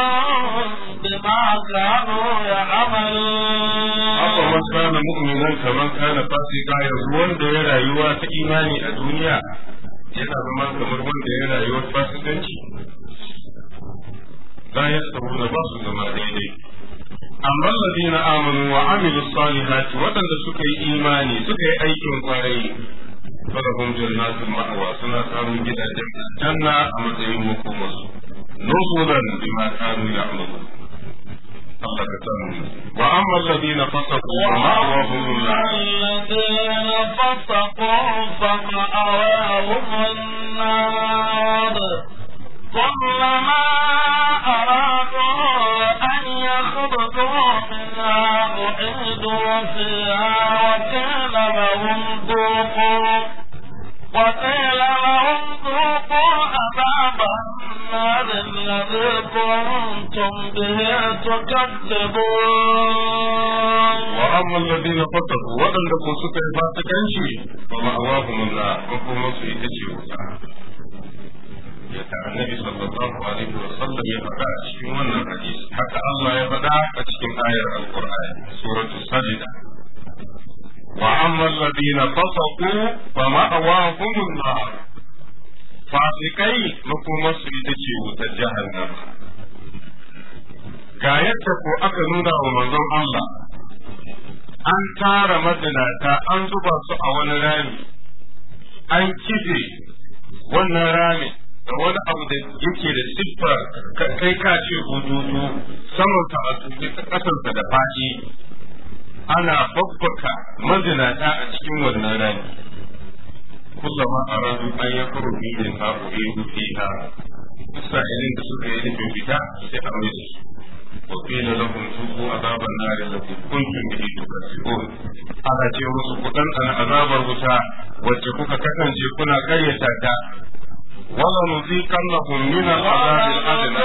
بما كانوا يعملون أفمن كان مؤمنا كمن كان فاسقا يزول دير أيوة إيماني الدنيا yana zama kamar wanda ya rayuwar fasikanci la yasruna ba su zama daidai أما الذين آمنوا وعملوا الصالحات وتند سكي إيماني سكي أي قاري فلهم جنات المأوى سنة كانوا جدا جنة جنة أما تيمو كمس بما كانوا يعملون الله كتابه وأما الذين فسقوا فمأواهم الله الذين فسقوا فمأواهم النار كلما أرادوا أن يخرجوا منها أعيدوا فيها وقيل لهم ذوقوا وقيل لهم ذوقوا عذاب النار الذي كنتم به تكذبون وأما الذين فتقوا ولم يكن سكر فاتكنشي فمأواهم النار وكم نصيحة daidaita annabi sallallahu alaihi wa sallam ya faɗa a cikin wannan hadisi haka Allah ya faɗa a cikin ayar alqur'ani suratul sajda wa amma alladhina fasaqu fa ma'awahum an-nar fasikai makomarsu ita ce wutar jahannama ga yadda ko aka nuna wa manzon Allah an tara mazinata an zuba su a wani rami an kife wannan ramin da wani abu da yake da siffa kai ka ce bututu samansa a ƙasarsa da fadi. ana babbaka mazinata a cikin wannan rani kullama a ranar bayan ya faru bidin ha ko na. rufe da suka yi nufin fita sai a mai su wa qila na zuqu azaban nar allati kuntum bihi tukadzibun ana ce musu a azabar wuta wacce kuka kasance kuna karyata ta ولنذيقنهم من العذاب الأدنى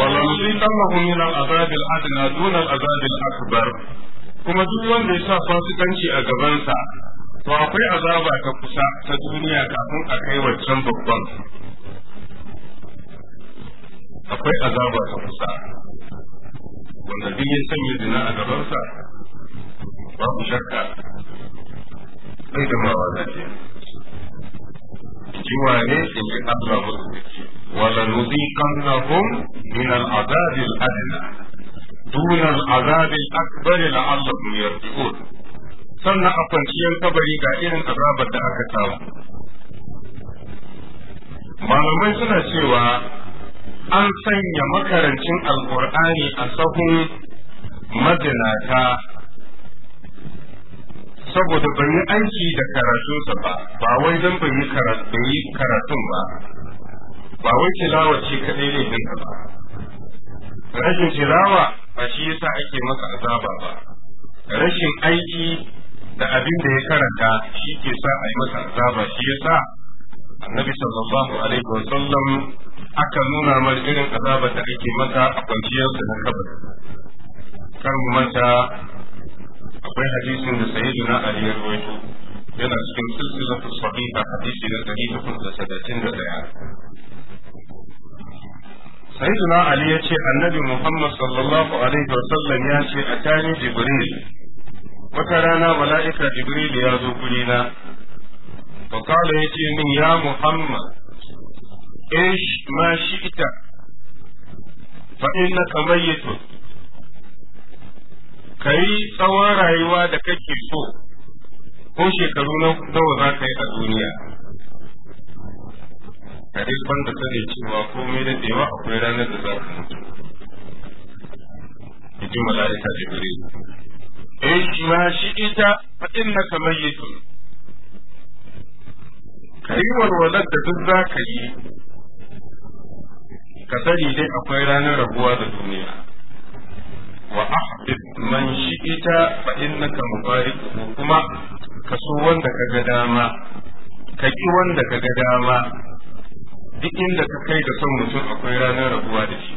ولنذيقنهم من العذاب الأدنى دون العذاب الأكبر لعلهم يرجعون ولنذيقنهم من العذاب الأدنى دون العذاب الأكبر كما duk wanda فاسقا شيء fasikanci a gabansa to akwai azaba ta kusa ta duniya kafin a kai waccan babban akwai azaba ta kusa wanda duk ya sanya zina a gabansa babu shakka sai da mawa ke ji ne in yi Allah musu ke? wala nuziqannahum min al-azab al-adna dun al-azab al-akbar la'allahum yarji'un sannan a kwanciyar kabari ga irin azabar da aka samu malamai suna cewa an sanya makarancin alkur'ani a sahun majalata saboda ban yi aiki da sa ba ba wai don ban yi karatun ba ba wai tilawa ce kadai ne din ba rashin tilawa ba shi yasa ake masa azaba ba rashin aiki da abin da ya karanta shi ke sa a yi masa azaba shi yasa annabi sallallahu alaihi wa sallam aka nuna mana irin azaba da ake masa a kwanciyar da na kabar kar mu manta akwai hadisin da sayyiduna ali ya rawaito yana cikin silsilatu sahiha hadisi na 331 sayyidina ali ya ce annabi muhammad sallallahu alaihi wasallam ya ce a tani jibril wata rana mala'ika jibril ya zo gurina fa kala yace min ya muhammad ish ma shi'ta fa innaka mayyitun kai tsawon rayuwa da kake so ko shekaru nawa za ka yi a duniya ka dai banda sani cewa komai da dewa akwai ranar da za ka mutu in ji mala'ika jibril in ma shi ita fa innaka mayyitun ka yi walwalar da duk za ka yi ka sani dai akwai ranar rabuwa da duniya wa ahbib man shi'ita fa innaka mubariku kuma ka so wanda ka ga dama ka ki wanda ka ga dama duk inda ka kai da son mutum akwai ranar rabuwa da shi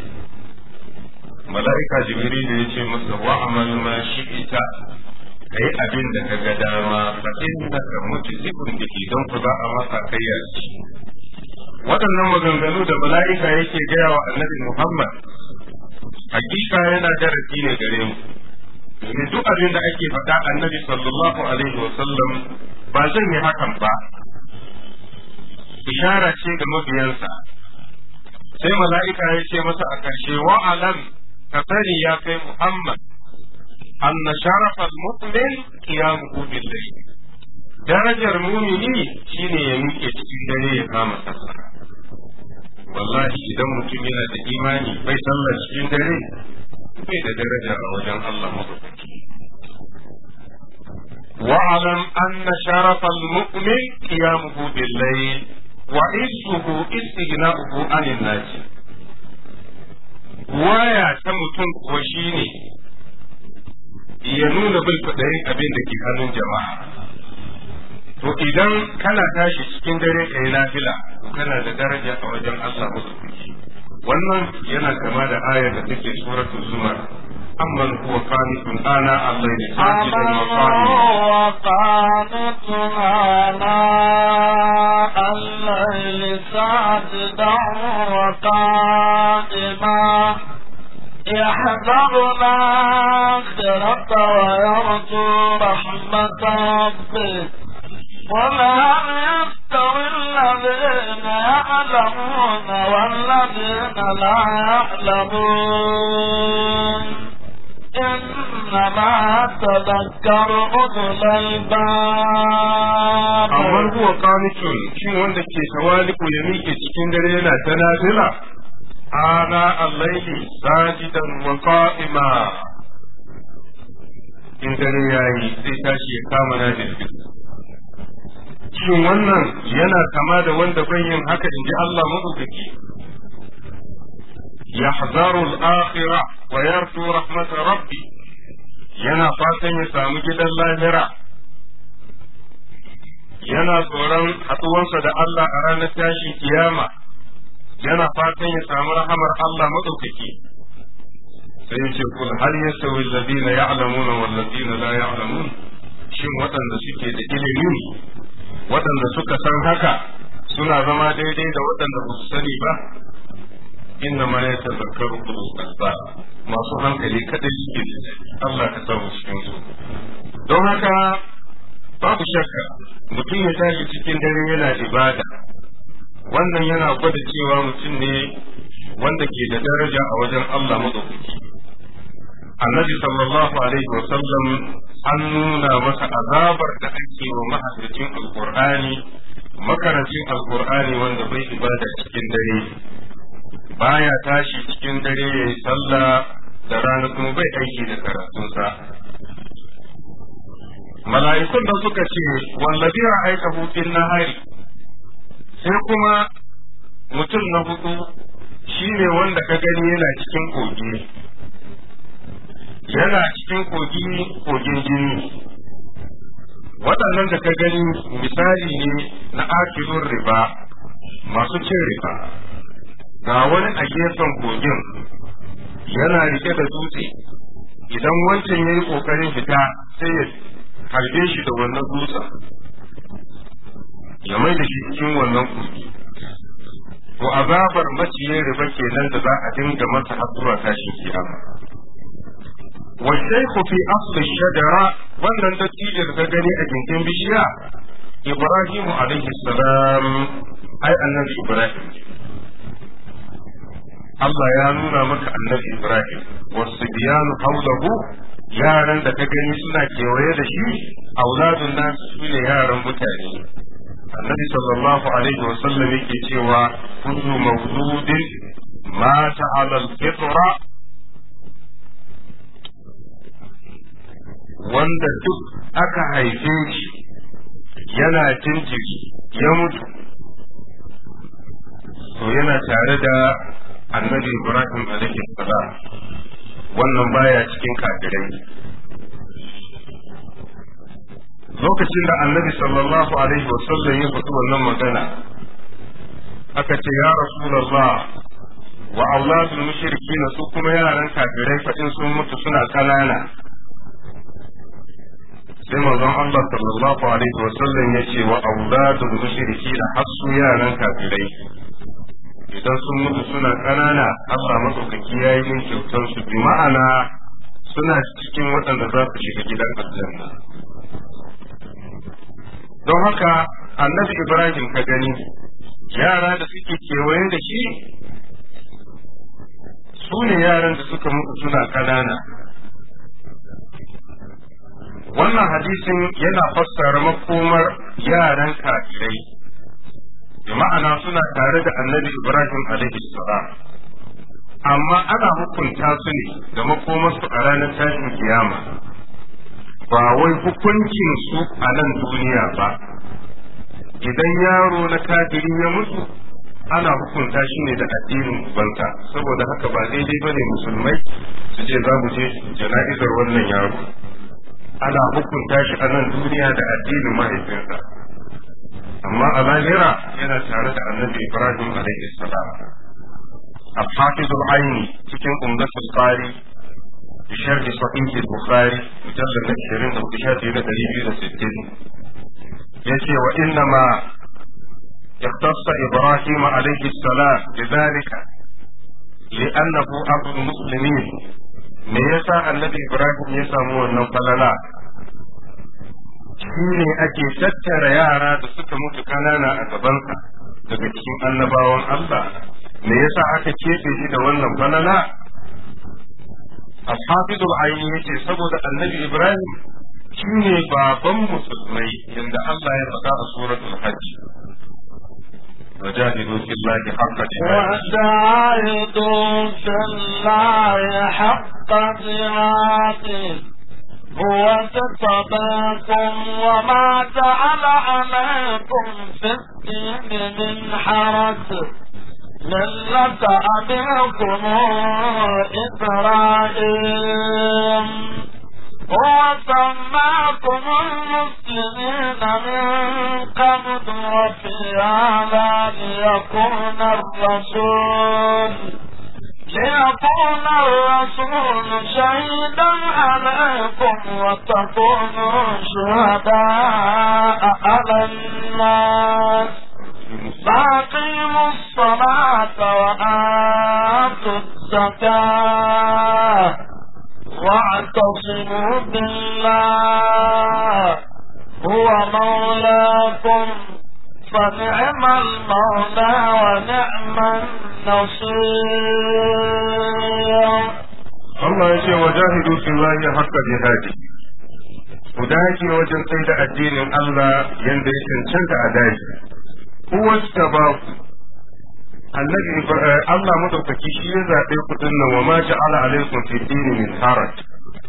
mala'ika jibril ya ce masa wa amal ma shi'ita kai abin da ka ga dama fa inna ka mutu sifin biki don ku za a masa kayyar shi waɗannan maganganu da mala'ika yake gaya wa annabi Muhammad hakika yana darasi ne gare mu domin duk abin da ake faɗa annabi sallallahu alaihi wa sallam ba zan yi hakan ba ishara ce ga mabiyansa sai mala'ika ya ce masa a ƙarshe wa alam ka sani ya kai Muhammad أن شرف المؤمن قيامه بالليل darajar mumini shine ya miƙe cikin dare ya kama sallah wallahi idan mutum yana da imani bai sallah cikin dare bai da daraja a wajen Allah madaukaki wa'alam anna sharafa al-mu'min qiyamuhu bil-layl wa izzuhu istighna'uhu 'anil nas waya ta mutum kuwa shine ya nuna bil kudayin abin da ke hannun jama'a to idan kana tashi cikin dare kai nafila kana da daraja a wajen Allah madaukaki wannan yana kama da ayar da take suratul zumar أمن هو قانت آناء الليل ساجدا وقانت آناء الليل ساجدا يحذر الآخرة ويرجو رحمة ربه وما يستوي الذين يعلمون والذين لا يعلمون إنما تذكر أولو الألباب أمر هو قانت شيء وندك سوالك ويميك تكين دليلة تنازلة آناء الليل ساجدا وقائما in dare ya yi zai tashi ya kama na jirgin shin wannan yana kama da wanda ban yin haka in ji Allah maɗaukaki ya hazaru al'akhira wa yartu rahmatar rabbi yana fatan ya samu gidan lahira yana tsoron asuwansa da Allah a ranar tashin kiyama yana fatan ya samu rahamar Allah madaukaki sai ya ce kul hal yastawi alladhina ya'lamuna wal ladina la ya'lamun shin waɗanda suke da ilimi waɗanda suka san haka suna zama daidai da waɗanda ba su sani ba inna ma ya tazakkaru ulul albab masu hankali kadai suke Allah ka samu cikin su don haka babu shakka mutum ya tashi cikin dare yana ibada wannan yana gwada cewa mutum ne wanda ke da daraja a wajen Allah madaukaki annabi sallallahu alaihi wa sallam an nuna masa azabar da ake wa mahaddacin alkur'ani makarancin alkur'ani wanda bai ibada cikin dare baya tashi cikin dare yayi sallah da rana kuma bai aiki da karatunsa mala'ikun da suka ce wallabi ra'aita aika fil nahari sai kuma mutum na hudu shi ne wanda ka gani yana cikin kogi yana cikin kogi kogin jini waɗannan da ka gani misali ne na akilun riba masu cin riba ga wani a gefen kogin yana rike da dutse idan wancan ya yi ƙoƙarin fita sai ya harbe shi da wannan dutsen ya da shi cikin wannan kogi to azabar maciyin riba kenan da za a dinga masa har tashin kiyama والشيخ في أصل الشجرة wannan dattijar da gani a gindin bishiya Ibrahim alaihi salam ai annabi Ibrahim Allah ya nuna maka annabi Ibrahim wasu biyanu haulahu yaran da ka gani suna kewaye da shi auladun nasu su ne yaran mutane annabi sallallahu alaihi wasallam yake cewa kullu mawludin mata ala al wanda duk aka haife shi yana cin ya mutu to yana tare da annabi ibrahim alaihi salam wannan baya cikin kafirai lokacin da annabi sallallahu alaihi wa sallam ya faɗi wannan magana aka ce ya rasulullah wa allatul mushrikin su kuma yaran kafirai fa in sun mutu suna kanana sai manzon Allah sallallahu alaihi wa sallam ya ce wa allatul mushrikin hasu yaran kafirai idan sun mutu suna kanana Allah madaukaki yayi min kyautar su bi ma'ana suna cikin waɗanda za su shiga gidan aljanna don haka annabi ibrahim ka gani yara da suke kewaye da shi su ne yaran da suka mutu suna kanana wannan hadisin yana fassara makomar yaran kafirai da ma'ana suna tare da annabi ibrahim alaihi amma ana hukunta su ne da makomarsu a ranar tashin kiyama ba wai hukuncin su a nan duniya ba idan yaro na kafiri ya mutu ana hukunta shi ne da addinin ubanta saboda haka ba daidai ba ne musulmai su ce za mu je jana'izar wannan yaro ana hukunta shi a nan duniya da addinin mahaifinsa amma a lahira yana tare da annabi ibrahim alaihi salam a cikin umdatul tsari. بشرح صحيح البخاري مجلد 20 وشافي 260 yace wa inna ma iqtassa ibrahim alayhi salam bidhalika li'annahu abu muslimin me yasa annabi ibrahim ya samu wannan falala shine ake tattara yara da suka mutu kanana a gabansa daga cikin annabawan Allah me yasa aka keɓe shi da wannan falala الحافظ العيني سبب النبي إبراهيم شنو بابا مسلمي عند الله يرقى سورة الحج وجاهدوا في الله حق جهاده في الله حق جهاده هو تتباكم وما جعل عليكم في الدين من حرسه ملة أبيكم إسرائيل هو سماكم المسلمين من قبل وفي هذا ليكون الرسول ليكون الرسول شهيدا عليكم وتكونوا شهداء على الناس فأقيموا الصلاة وآتوا الزكاة واعتصموا بالله هو مولاكم فنعم المولى ونعم النصير الله يجي وجاهدوا في الله حق جهاده وداعي dace سيد الدين da addinin ان yadda ya uwasta ba ku annabi eh, Allah madaukaki shi ya zaɓe kuɗin nan wa ma ja'ala alaikum fi dini min haraj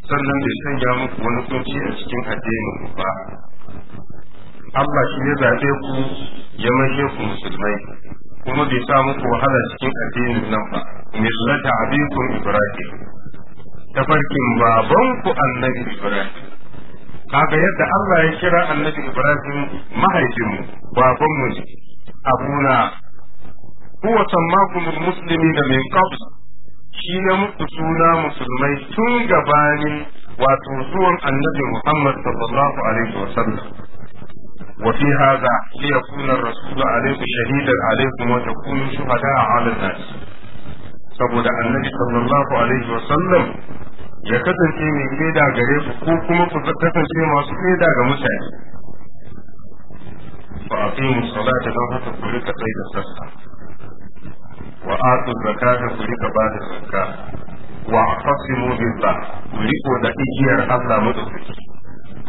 sannan bai sanya muku wani kunci a cikin addinin ku ba Allah shi ya zaɓe ku ya maishe ku musulmai kuma bai sa muku wahala cikin addinin nan ba millata abikum ibrahim tafarkin baban ku annabi ibrahim kaga yadda Allah ya kira annabi ibrahim mahaifinmu babanmu ne abuna huwa sammakumul muslimina min qabl shi ya muku suna musulmai tun gabanin wato zuwan annabi Muhammad sallallahu alaihi wasallam وفي هذا ليكون الرسول عليكم شهيدا عليكم وتكونوا شهداء على الناس saboda annabi sallallahu alaihi Sallam ya kasance mai shaida gare ku ko kuma ku kasance masu shaida ga mutane fa aqimu salata don haka ku rika tsaye da sassa wa atu zakata ku rika ba da zakka wa aqsimu billah ku riko da igiyar Allah madaukaki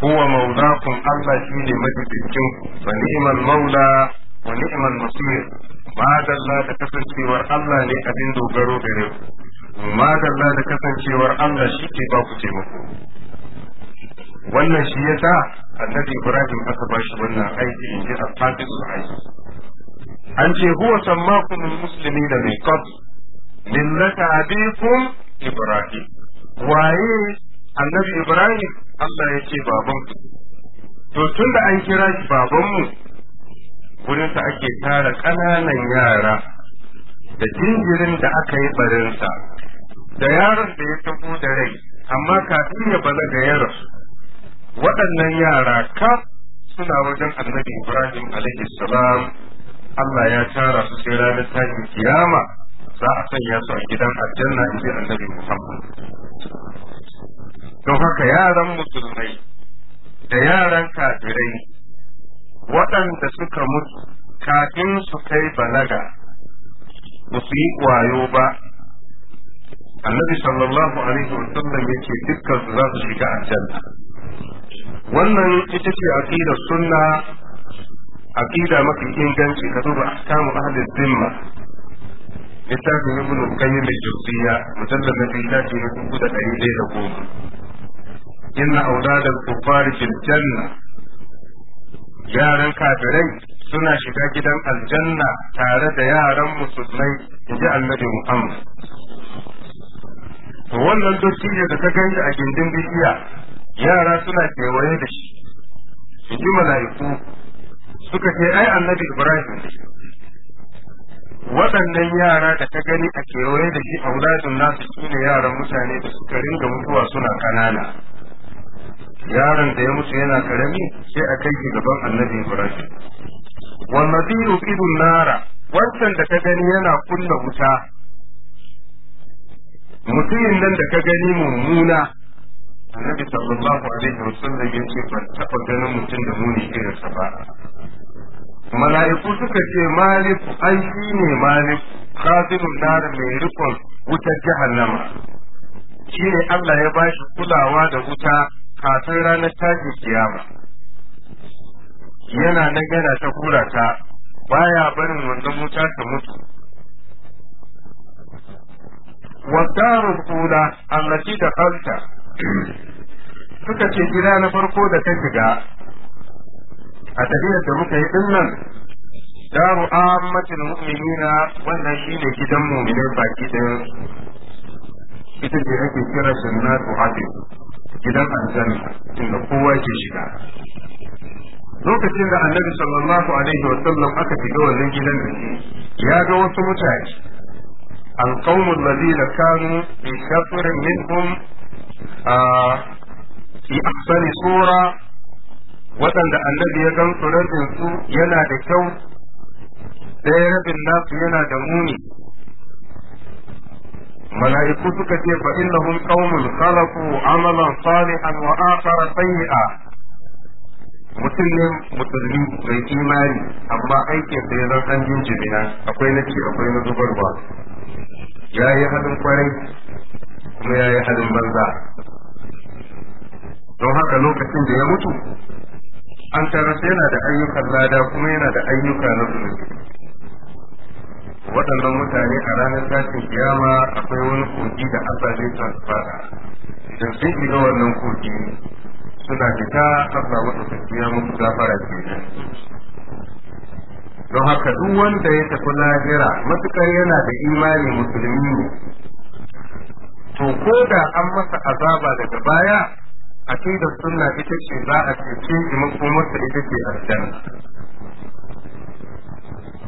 huwa maulakum Allah shine majibincin fa ni'mal maula wa ni'mal nasir madalla da kasancewar Allah ne abin dogaro gare ku da kasancewar Allah shi ke ba taimako wannan shi annabi ibrahim aka ba shi wannan aiki in ji al su aiki. an ce huwa sammakum muslimin da min qabl abikum ibrahim waye annabi ibrahim Allah ya ce baban to tun da an kira shi babanmu wurin sa ake tara kananan yara da jinjirin da aka yi barinsa da yaron da ya tafi da rai amma kafin ya balaga ya rasu waɗannan yara kaf suna wajen annabi ibrahim alaihi salam Allah ya tara su sai ranar tashin kiyama za a sanya su a gidan aljanna in ji annabi muhammad don haka yaran musulmai da yaran kafirai waɗanda suka mutu kafin su kai balaga ba su yi ƙwayo ba annabi sallallahu alaihi wa sallam yake dukkan su za su shiga aljanna wannan ita ce aqida sunna aqida mafi inganci ka duba ahkamu ahli zimma littafin ibnu qayyim al-jawziyya mujallad na littafi na kuku da ɗari da goma inna awdada al-kuffari fil janna yaran kafirai suna shiga gidan aljanna tare da yaran musulmai inji annabi muhammad to wannan dokiya da ta gani a gindin bishiya yara suna kewaye da shi su ji mala'iku suka ce ai annabi ibrahim waɗannan yara da ta gani a kewaye da shi a wulatun nasu su ne yaran mutane da suka ringa mutuwa suna kanana yaron da ya mutu yana karami sai a kai shi gaban annabi ibrahim wannan biyu idun nara wancan da ta gani yana kunna wuta mutumin nan da ka gani mummuna annabi sallallahu alaihi wasallam ya ce ban taɓa ganin mutum da muni irinsa ba mala'iku suka ce malik an shi ne malik khatimul nar mai rikon wutar jahannama shi ne Allah ya bashi kulawa da wuta kafin ranar tashin kiyama yana nan yana ta hula ta baya barin wanda wuta ta mutu wa darul ula allati dakhalta suka ce gida na farko da ta shiga a tafiyar da muka yi dinnan daru ammatin mu'minina wannan shi ne gidan mu'minin baki ɗaya ita ce ake kira sunnatu hadin gidan aljanna inda kowa ke shiga lokacin da annabi sallallahu alaihi wa sallam aka shiga wannan gidan da ya ga wasu mutane القوم الذين كانوا بكثر منهم fi ahsani sura waɗanda annabi ya gan rabin su yana da kyau ɗaya rabin nasu yana da muni mala'iku suka ce fa innahum qaumun khalaqu amalan salihan wa akhara sayyi'a mutum ne musulmi mai imani amma aikin sa yana an jinjina akwai na ci akwai na zubarwa ya yi halin kwarai kuma ya yi halin banza don haka lokacin da ya mutu an tarasa yana da ayyukan lada kuma yana da ayyuka na zunubi waɗannan mutane a ranar tashin kiyama akwai wani kogi da Allah zai transfara idan sun shiga wannan kogi suna fita Allah wata tafiya musu gafara ke don haka duk wanda ya tafi lahira matukar yana da imani musulmi ne to ko da an masa azaba daga baya a da sunna ita ce za a cece shi makomarsa ita ce aljanna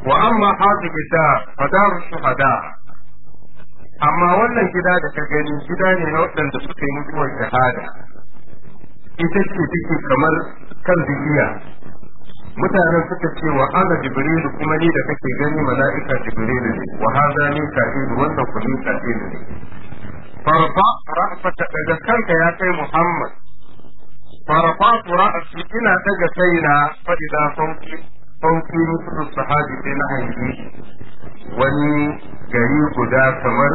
wa amma hadhihi da fadar shuhada amma wannan gida da ka gani gida ne na waɗanda suka yi mutuwar shahada ita ce take kamar kan bibiya mutanen suka ce wa ana jibrilu kuma ni da kake gani mala'ika jibrilu ne wa hadha ni kafiru wannan kuma kafiru ne farfa ra'saka daga kanka ya kai Muhammad farfa ra'si ina daga kaina fa idan sauki sauki mutu sahabi sai na hangi wani gari guda kamar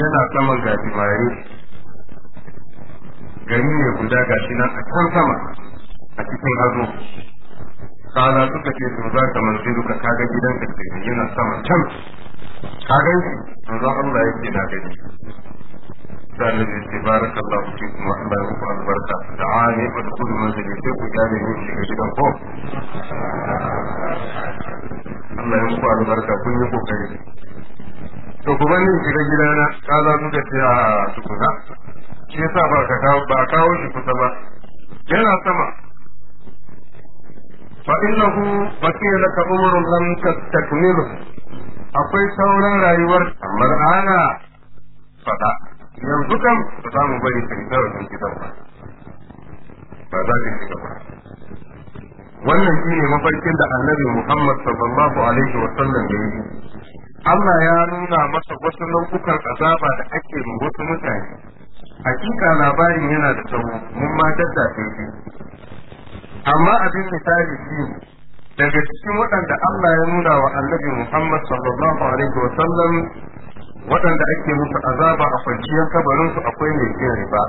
yana saman gajimare gari ne guda gashi nan a can sama a cikin hazo kana suka ce to za ka manzilu ka kaga gidan ka yana sama can ka ganshi to za Allah yake na gani سالم تبارك الله فيكم وحلا يكون البركة تعالي ادخل منزل يسيب وجالي يمشي يجد فوق الله يكون البركة كل يكون خير to kuma nin shiga gidana kaza suka ce a tukuna shi yasa ba ka kawo ba kawo shi kusa ba yana sama fa innahu bakira ka umrun lam akwai sauran rayuwar mar'ana fada yanzu kan za mu bari ka isa wannan gidan ba ba za ta shiga ba wannan shi ne mafarkin da annabi muhammad sallallahu alaihi wa sallam ya yi Allah ya nuna masa wasu nau'ukan azaba da ake ma wasu mutane hakika labarin yana da tsawo mun ma daddace shi amma abin misali shi daga cikin waɗanda Allah ya nuna wa annabi Muhammad sallallahu alaihi Sallam. waɗanda ake musu azaba a kwanciyar kabarinsu akwai mai cin riba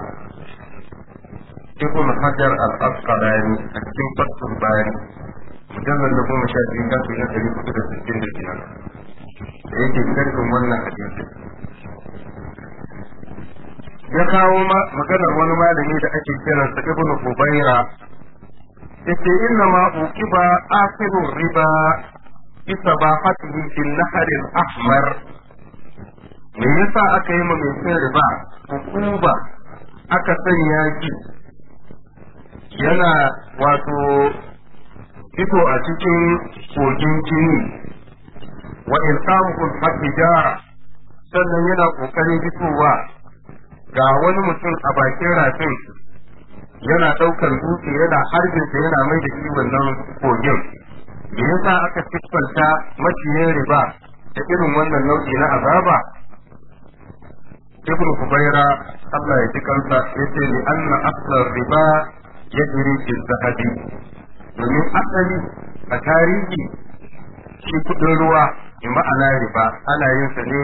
ibn hajar al-asqalani a cikin fatul bayani mujallar da goma sha biyu kasu na ɗari kuɗi da sittin da biyar da yake karfin wannan hadisi ya kawo ma maganar wani malami da ake kiransa ibn hubaira yace inna ma uqiba akhiru riba bi sabahatihi fil nahr al-ahmar me yasa aka yi ma mai sai riba hukuma aka sanya shi yana wato fito a cikin kogin jini wa ilkamukum hajjara sannan yana kokarin fitowa ga wani mutum a bakin rafin yana daukar dutse yana harbin sa yana mai da shi wannan kogin me yasa aka siffanta maciyin riba da irin wannan nau'i na azaba ibn kubaira Allah ya ji kansa yace li anna aslar riba yajri fi zahabi domin asali a tarihi shi kudin ruwa in ma'ana riba ana yin ne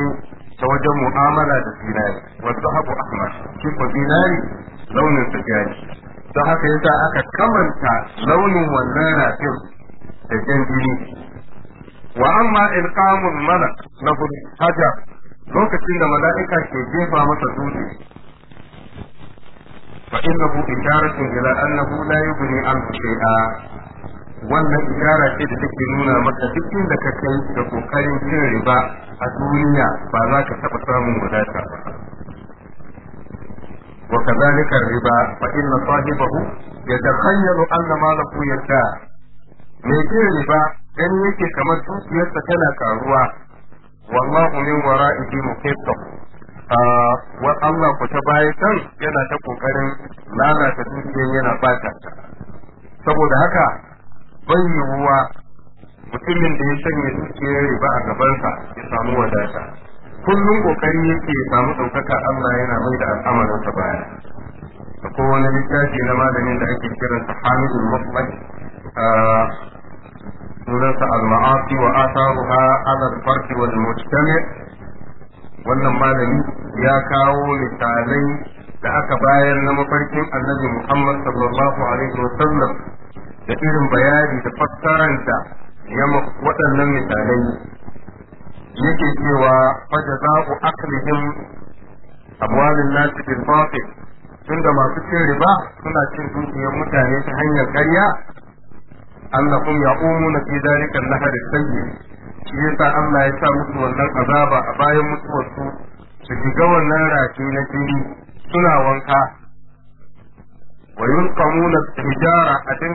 ta wajen mu'amala da zinari wa zahabu ahmar shi ko launin sa jari don haka yasa aka kamanta launin wannan da jan jini wa amma ilqamul hajar lokacin da mala'ika ke jefa masa dutse fa hu isharatun ila annahu la yughni an shay'a wannan ishara ce da take nuna maka duk inda ka kai da kokarin cin riba a duniya ba za ka taba samun wadata ba وكذلك الربا فإن صاحبه يتخيل أن ماله يدعى. لكن الربا إن يكي كما تسمى tana كاروا wallahu min wara'ihi muqitab ah, wa Allah ku ta baya kan yana ta kokarin lalata dukiyar yana bata saboda haka bai yiwuwa mutumin da ya sanya dukiyar riba a gabansa ya samu wadata kullum kokari yake ya samu ɗaukaka Allah yana mai da al'amarinsa baya akwai wani littafi na maganin da ake kiransa hamidul mutlaq sunansa al-ma'asi wa atharuha ala al-farq wal mujtami' wannan malami ya kawo misalai da aka bayar na mafarkin annabi Muhammad sallallahu alaihi wa sallam da irin bayani da fassaranta ya waɗannan misalai yake cewa fajaza'u aklihim abwalin nasi bil batil tunda masu cin riba suna cin dukiyar mutane ta hanyar karya annahum ya'umuna fi dhalika an-nahr as-sayyi shi yasa Allah ya sa musu wannan azaba a bayan mutuwar su su shiga wannan rafi na jini suna wanka wa yulqamuna a su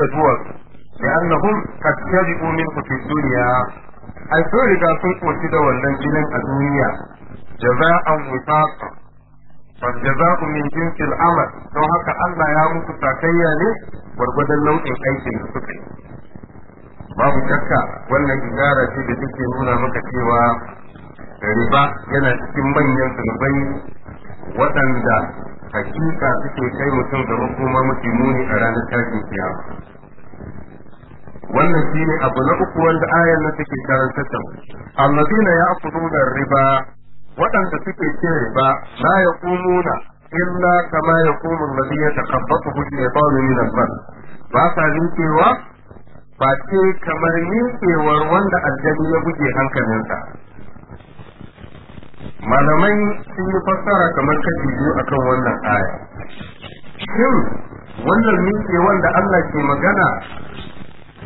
da duwatsu لأنهم قد sun منه في الدنيا أي a duniya, سدى a الدنيا جزاء وفاقا فالجزاء من جنس العمل لو هكا الله يا مكو تاكيا لي ورغدن nau'in aikin da suka yi babu shakka wannan idara da take nuna maka cewa riba yana cikin manyan zunubai waɗanda hakika suke kai mutum da makoma mafi muni a ranar tashin kiyama wannan shine abu na uku wanda ayar na take karantar da mu allazina ya'khuduna riba waɗanda suke na ya la yaquluna illa kama ya yaqulu alladhi ya shaytanu min na ban ba sa miƙewa ba ce kamar miƙewar wanda aljani ya buge hankalinsa malamai sun yi fassara kamar kashi biyu akan wannan aya shin wannan miƙewar da Allah ke magana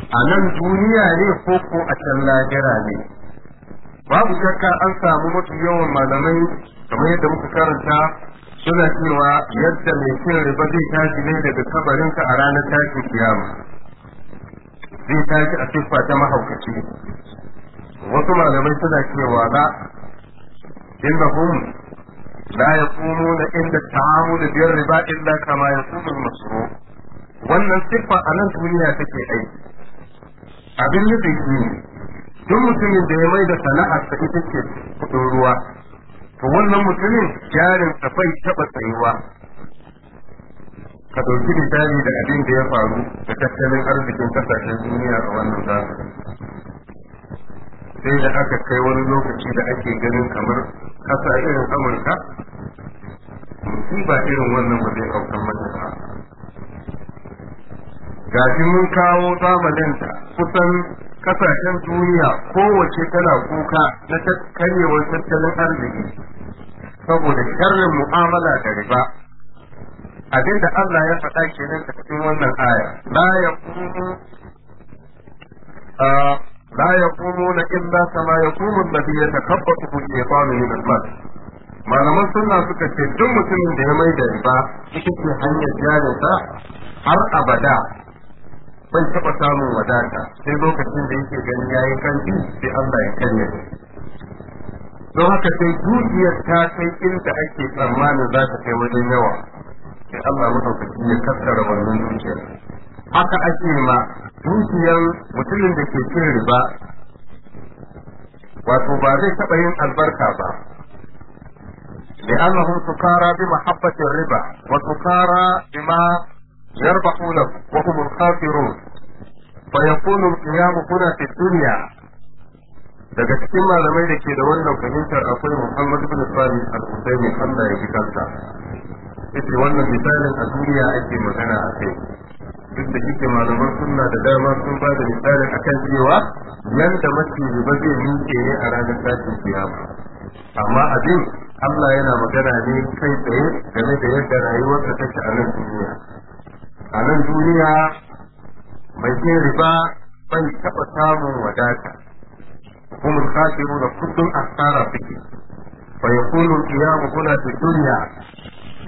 a nan duniya ne ko ko a can lahira ne babu shakka an samu mafi yawan malamai kamar yadda muka karanta suna cewa yadda mai cin riba zai tashi ne daga kabarinsa a ranar tashin kiyama zai tashi a siffa ta mahaukaci wasu malamai suna cewa la ya la na inda da biyar riba illa kama masu masru wannan siffa a nan duniya take aiki abin nufin shi duk mutumin da ya mai da sana'ar sa ita ce kudin ruwa to wannan mutumin jarin sa bai taba tsayuwa ka dauki misali da abin da ya faru da tattalin arzikin kasashen duniya a wannan zamani sai da aka kai wani lokaci da ake ganin kamar kasa irin amurka ba irin wannan ba zai aukan mata ba gashi mun kawo zamanin kusan kasashen duniya kowace tana kuka na karewar tattalin arziki saboda sharrin mu'amala da riba abinda Allah ya faɗa nan a cikin wannan aya la yaqumu لا يقومون إلا كما يقوم الذي يتخبطه الشيطان من المال malaman suna suka ce duk mutumin da ya mai da riba shi ke hanyar jarinta har abada ban taɓa samun wadata sai lokacin da yake gani ya yi kanti sai Allah ya kanya don haka sai dukiyar ta kai inda ake tsammanin za ta kai wajen yawa sai Allah maɗaukaki ya kaskara wannan dukiyar haka ake ma dukiyar mutumin da ke cin riba wato ba zai taɓa yin albarka ba sukara bi لأنهم riba? بمحبة الربا bi ma. يربح له وهم الخاسرون فيكون القيام هنا في الدنيا daga cikin malamai da ke da wannan fahimtar akwai Muhammad bin Salim al-Husaini Allah ya fitarta. Ita wannan misalin a duniya ake magana a kai duk da yake malaman sunna da dama sun ba da misalin akan cewa yanda mace zuba zai miƙe ne a ranar tashin kiyama amma abin Allah yana magana ne kai tsaye game da yadda rayuwarsa take a nan duniya a nan duniya mai yin riba taɓa samun wadata kuma ka ce da kudin asara suke ba ya kuno iya mu kuna duniya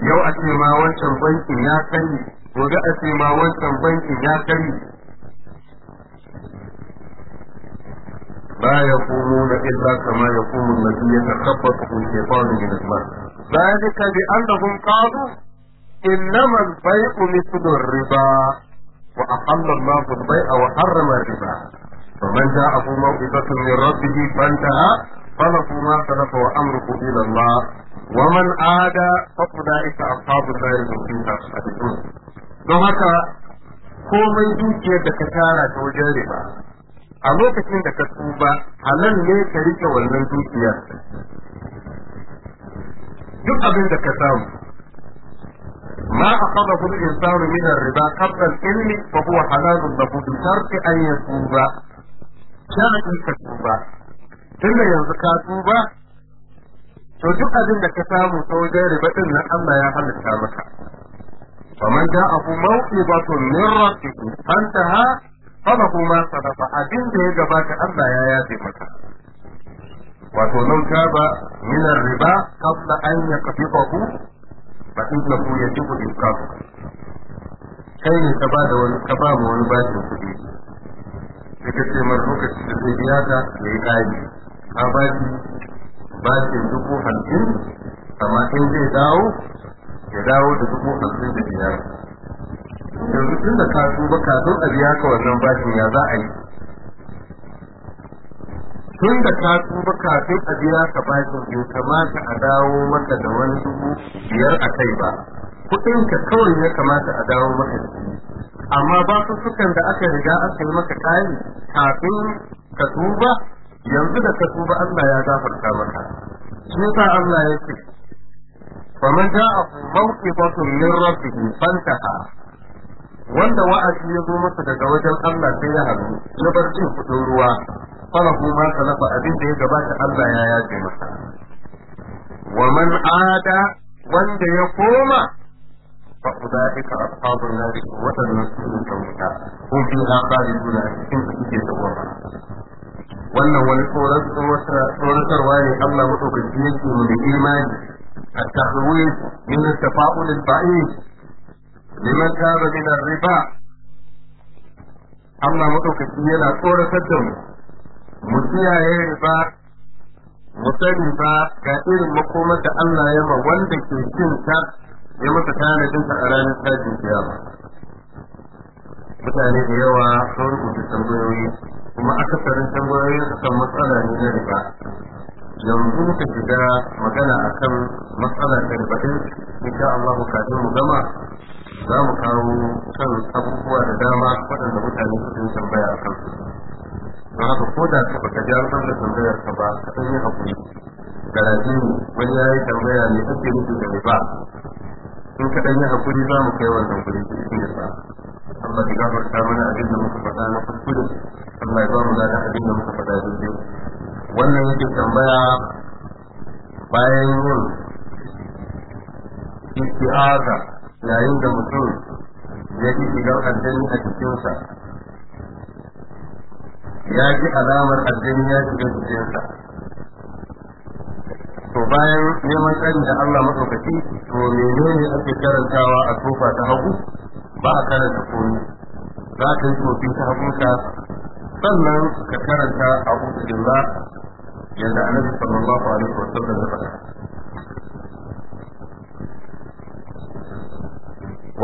yau a ce ma wancan banki ya kari gobe a ce ma wancan banki ya kari ba ya kuno na illa kama ya kuno na biya ta kafa kuma ke faru da nasma bayan duka bi an da kun kawo إنما البيع مثل الربا وأحل الله البيع وحرم الربا فمن جاءه موعظة من ربه فانتهى فله ما سلف وأمره إلى الله ومن عاد فأولئك أصحاب النار هم فيها خالدون don haka komai dukiyar da ka tara ta wajen riba a lokacin da ka tuba halal ne ka rike wannan dukiyar duk abin da ka samu ما أخذه الإنسان من الربا قبل العلم فهو حلال له بشرط أن يتوب شرط تتوب tun da yanzu ka tuba to duk abin da ka samu ta riba din nan Allah ya halitta maka faman da abu mawqibatun min rabbihi fantaha falahu ma sadafa abin da ya gabata Allah ya yafe maka wato lau taba min riba qabla an yaqbidahu fa innahu yajibu iskafu kai ne ka ba da wani ka ba mu wani bashin kuɗi da ka ce mar lokacin da zai biya ka yi ƙari ka ba shi bashin dubu hamsin amma in zai dawo ya dawo da dubu hamsin da biyar yanzu tun da ka tuba kafin a biya ka wannan bashin ya za a yi tun da ka tuba kafin a biya ka bashin bai kamata a dawo maka da wani dubu biyar a kai ba kuɗin ka kawai ya kamata a dawo maka da amma ba su sukan da aka riga aka yi maka kayan kafin ka tuba yanzu da ka tuba Allah ya gafarta maka shi yasa Allah ya ce faman ja'ahu mawqifatun min fanta fantaha wanda wa'azi ya zo masa daga wajen Allah sai ya haɗu ya bar jin kuɗin ruwa falahu ma salafa abin da ya gabata Allah ya yaje masa wa man ada wanda ya koma fa ulaika ashabun nar wa tanasul tawka hum fiha cikin in suke tawaba wannan wani tsoratarwa ne Allah madaukaki yake mu da imani التحويل من التفاؤل البعيد لمن تاب من riba Allah maɗaukaki yana tsoratar da mu mu kiyaye riba mu sani ba ga irin makoma da Allah ya ma wanda ke cin ta ya masa cin ta a ranar tashin kiyama mutane da yawa sun rubuta tambayoyi kuma akasarin tambayoyin su kan matsala ne na riba yanzu muka shiga magana akan matsala ta riba din insha Allah kafin mu gama za mu kawo kan abubuwa da dama waɗanda mutane suke tambaya akan su don haka ko da ta baka ja rubar da tambayar ka ba ka san yi hakuri garaje ne wani ya yi tambaya ne ake nufi da riba in ka ɗan yi hakuri za mu kai wannan guri shi ne ba. Allah ya gafarta mana abin da muka faɗa na kuskure Allah ya ba mu da abin da muka faɗa biyu wannan yake tambaya bayan yin isti'aza yayin da mutum ya ji shigar addini a cikinsa ya ji alamar addini ya shiga jikinsa to bayan neman tsarin da Allah madaukaki to menene ake karantawa a tofa ta hagu ba a karanta komi za ka yi tofi ta hagunka sannan ka karanta a ba yadda annabi sallallahu alaihi wa sallam ya faɗa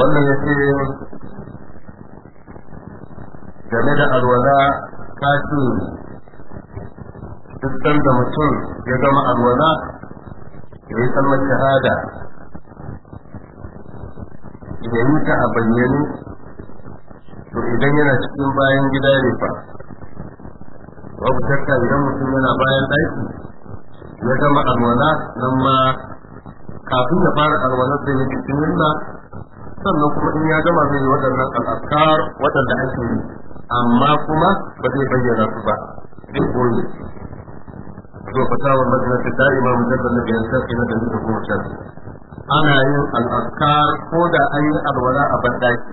wannan ya ce game da alwala kafiri duk da mutum ya zama alwala ya yi kalmar shahada ya yi ta a bayyane to idan yana cikin bayan gida ne fa babu shakka idan mutum yana bayan aiki, ya zama alwala nan ma kafin ya fara alwalar da yake cikin sannan kuma in ya gama zai waɗannan al'askar waɗanda ake yi amma kuma ba zai bayyana su ba zai wani. to fatawa madrasa ta imamu jabbar na biyan sarki na da muka kuma can ana yin al'askar ko da an yi alwala a bandaki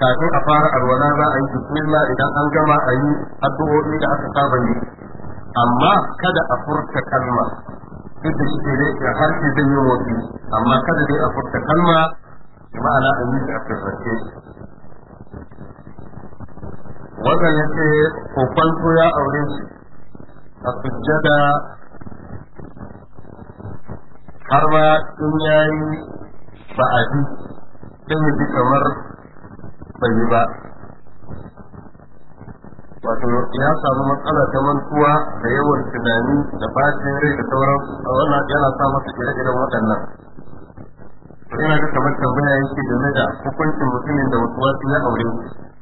kafin a fara alwala za a yi bismillah idan an gama a yi addu'o'i da aka saba yi amma kada a furta kalma duk da shi ne ya harshe zai yi wasu amma kada dai a furta kalma ma'ana an yi da a wannan ya ce kokwanto ya aure shi a sujjada har ma in ya yi ba a ji don ya ji kamar bai yi ba wato ya samu matsala ta mantuwa da yawan tunani da bacin rai da sauran wannan yana sa masa ire-iren waɗannan yana da kamar tambaya yake game da hukuncin mutumin da wasu wasu ya aure shi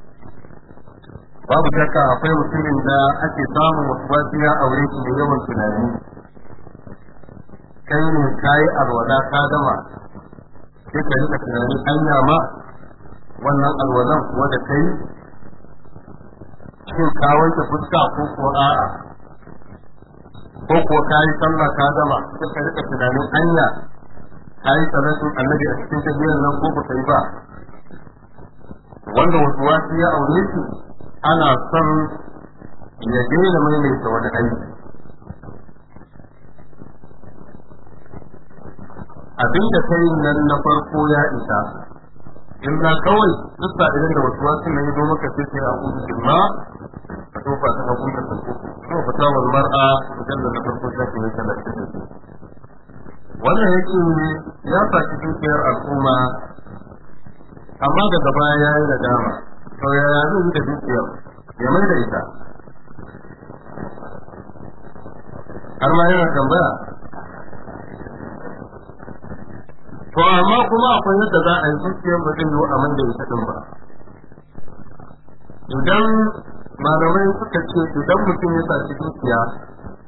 babu shakka akwai mutumin da ake samun waswasiya a wurin shi da yawan tunani kai ne kayi alwala ka gama sai ka rika tunanin hanya ma wannan alwalan kuwa da kai shin ka wanke fuska ko ko a'a ko ko ka yi sallah ka gama sai ka rika tunanin hanya. ka yi salatu annabi a cikin tabbiyar nan ko ba kai ba wanda wasu wasu ya aure shi ana son ya daina maimaita wani aiki abin da kai nan na farko ya isa in na kawai duk da idan da wasu wasu ne ya zo maka sai sai a kudu jimma a tofa ta hagu da farko kuma fata wani mar'a idan da na farko ta ke wata da shi wannan yake ya faci dukiyar al'umma amma daga baya ya yi dama to ya zai da dukiyar ya mai da ita har ma yana tambaya to amma kuma akwai yadda za a yi dukiyar ba zai a man da ita din ba idan malamai suka ce idan mutum ya saci dukiya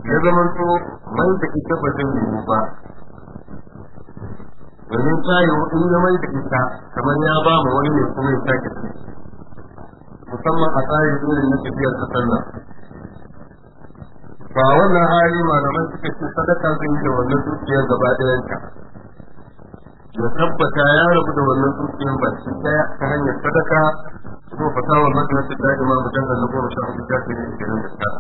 ya zama to mai da ita ba zai yi ba domin ta yi in mai da ita kamar ya ba mu wani ne kuma ya sake musamman a tsarin irin na tafiyar kasar sallah. ba wannan hali malaman suka ce sadaka zai yi da wannan dukiyar gaba ɗayanta ya tabbata ya rabu da wannan dukiyar ba shi ɗaya ta hanyar sadaka ko fatawar madrasa ta imamu jannar na goma sha hudu ta ce ne kenan da ta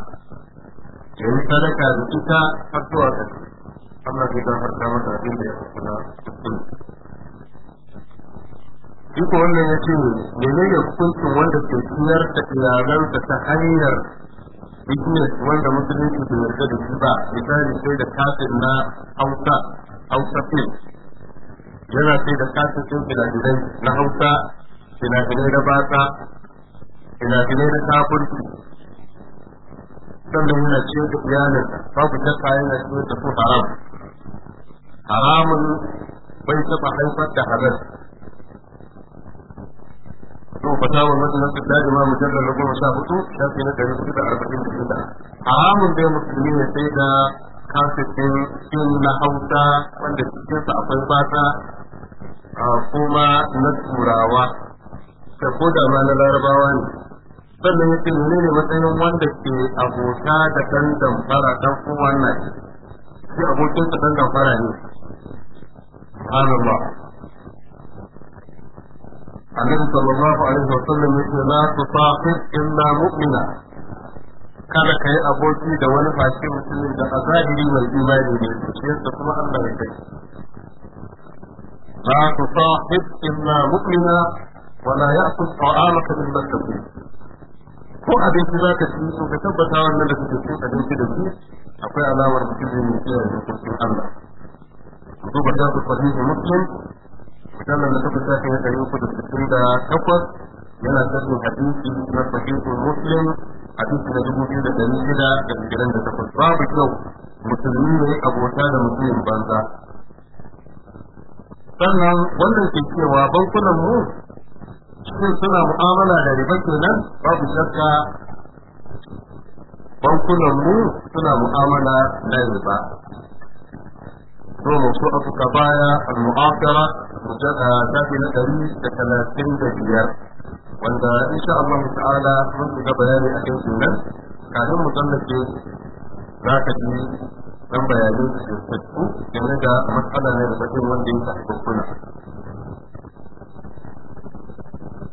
ya yi sadaka da ita har zuwa ƙarshe Allah zai gafarta da abin da ya fi kula duka wannan ya ce menene hukuncin wanda ke ciyar da iyalansa ta hanyar business wanda musulunci ke yarda da shi ba misali sai da kafin na hausa hausa fi yana sai da kafin sun finafinai na hausa finafinai na bata finafinai na kafurki sannan yana ciyar da iyalinsa babu shakka yana ciyar da su haram haramun bai taɓa haifar da halar fatawa matsalar da mujallar na goma sha hudu shafi na dai musulmi ne sai da kasitin yin na hausa wanda cikinsa akwai fata kuma na turawa da ko da na larabawa ne sannan yake nuna ne matsayin wanda ke abota da ɗan damfara ɗan uwan na shi abokinsa ɗan damfara ne subhanallah النبي صلى الله عليه وسلم يقول لا تصاحب إلا مؤمنا كان كي أبوتي دولة فاشي مسلم دا أزاهري والإيمان لي شيء تسمع الله يكي لا تصاحب إلا مؤمنا ولا يأكل طعامك من الكفير ko abinci za ka ci so ka tabbata wannan da kake cin abinci da su akwai alamar mutum ne mai kiyaye dokokin Allah. Duba da su fahimta muslim sallar da suka sashi na ɗari uku da sittin da takwas yana sassin hadisi na fahimtar muslim hadisi na dubu biyu da ɗari shida da ishirin da takwas babu kyau musulmi ne abota da musulmin banza sannan wannan ke cewa bankunan mu shin suna mu'amala da riba kenan babu shakka bankunan mu suna mu'amala da riba هو موسوعة القضايا المعاصرة شافي نتري ثلاثين دقيقة وإن إن شاء الله تعالى منذ بيان أكيد الناس كان مجلد ذاك دي dan bayanin da tattu game da matsala ne da bakin wanda ya tafi kuna.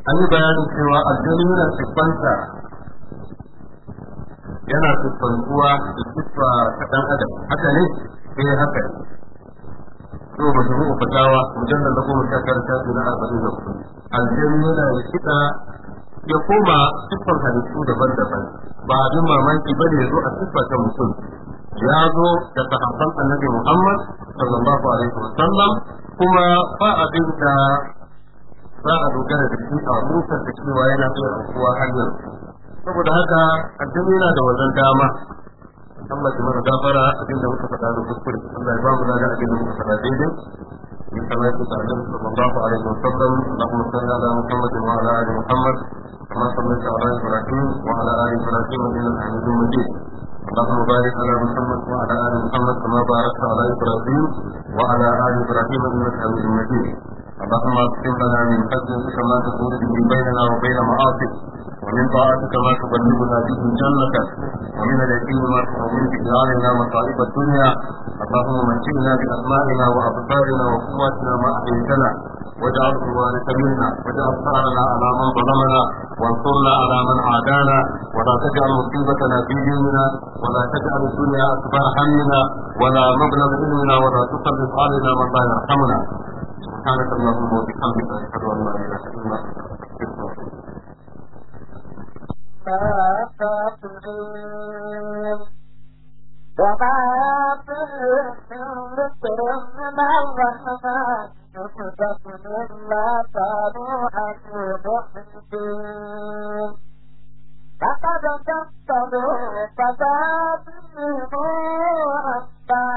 An yi bayanin cewa aljanu yana siffanta yana siffantuwa da siffa ta ɗan adam haka ne eh haka ko ba su rubuta fatawa mujallal da goma sha shafi na arba'in da hudu aljanu yana da kiɗa ya koma siffar halittu daban-daban ba abin mamaki ba ne ya zo a siffar ta mutum ya zo da sahabban annabi Muhammad sallallahu alaihi wa sallam kuma ba abin da za a dogara da shi a musar da cewa yana iya kuwa hanyar saboda haka addini yana da wajen dama Allah shi mana gafara abin da muka faɗa da kuskure Allah ya ba mu lada abin da muka faɗa daidai in kama yake da alim sallallahu alaihi wa sallam Allahumma salli ala Muhammad wa ala ali Muhammad kama sallallahu ala Ibrahim wa ala ali Ibrahim wa ala ali Muhammad اللهم بارك على محمد وعلى ال محمد كما باركت على ابراهيم وعلى ال ابراهيم انك حميد مجيد اللهم اغفر لنا من فضلك ما تكون به بيننا وبين معاصيك ومن طاعتك ما تبلغنا به جنتك ومن اليقين ما تهون به علينا مصائب الدنيا اللهم متعنا باسمائنا وابصارنا وقواتنا ما احييتنا واجعل الوارث منا واجعل ثارنا على من ظلمنا وانصرنا على من عادانا ولا تجعل مصيبتنا في ديننا ولا تجعل الدنيا اكبر همنا ولا مبلغ علمنا ولا تسلط علينا من لا يرحمنا سبحانك اللهم وبحمدك أشهد أن لا إله إلا أنت أستغفرك وأتوب وما تنزل ما كانوا حسبهم فقد كفروا فذابوا حتى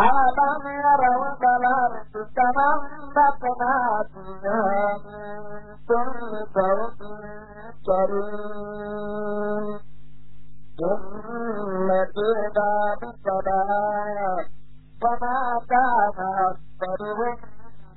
ألم يروا الأرض تنبتنا بها من كل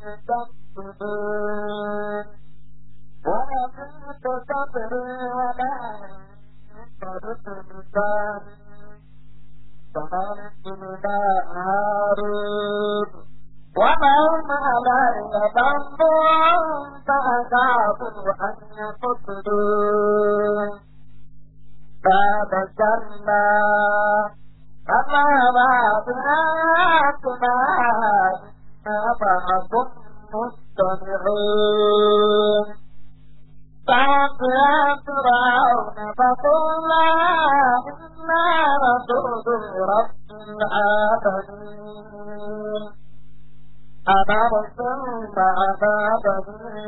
تكسبون وإن تصبروا ولا ترتبطان فأنتم لا عارض ومن علي ذنب فأصاب أن يقتلون باب الجنة فما بعض آتنا أبعض مستمعون فأتيا فرعون فقولا إنا رسول رب العالمين أن أرسل معنا بني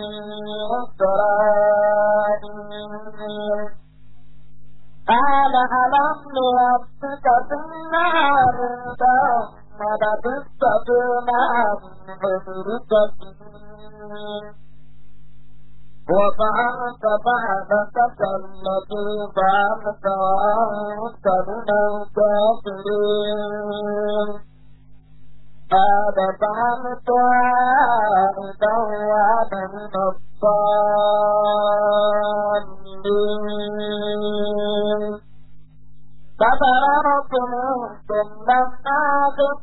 إسرائيل لتتقون عن وفعلت فعلتك التي فعلت وأنت من الكافرين قد فعلت إذا وأنا من الضالين ففررت منكم لما جئت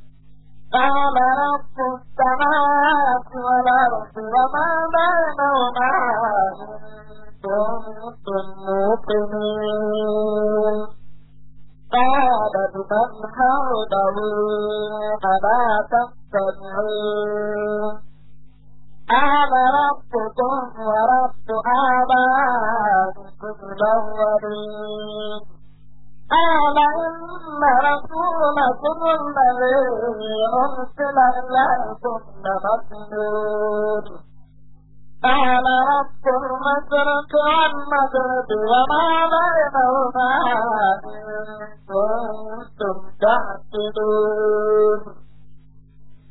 ما ملكت السماوات والأرض وما بينهما كنتم موقنين قالت من حوله ألا تستمعون أنا ربكم ورب آبائكم الأولين آمن رسولكم الذي أرسل إليكم بمسجد على رب المشرك والمغرب وما بينهما إن كنتم تعقلون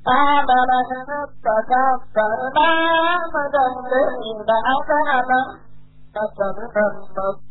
آمن إن استكبرنا مجلين أكرما فسبح المسجد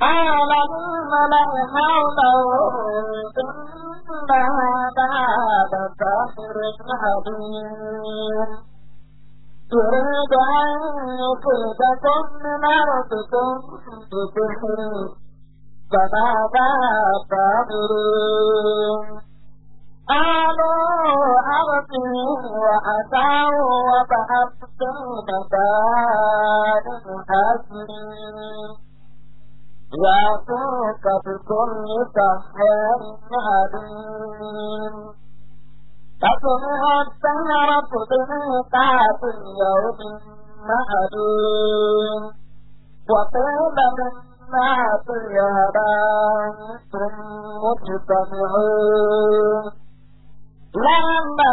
قال الملأ حوله إن هذا لساحر عليم يريد أن يصيبكم من أرضكم بسحره فماذا تعملون قالوا أرضي وعساه وبعثت مكان حسنين Ya ku kafi kunni tafiyarin harin, ta kuma hantar yara kudin tafin yaunin ma'adin, wata yadda min nafi yara sun mutu sami da na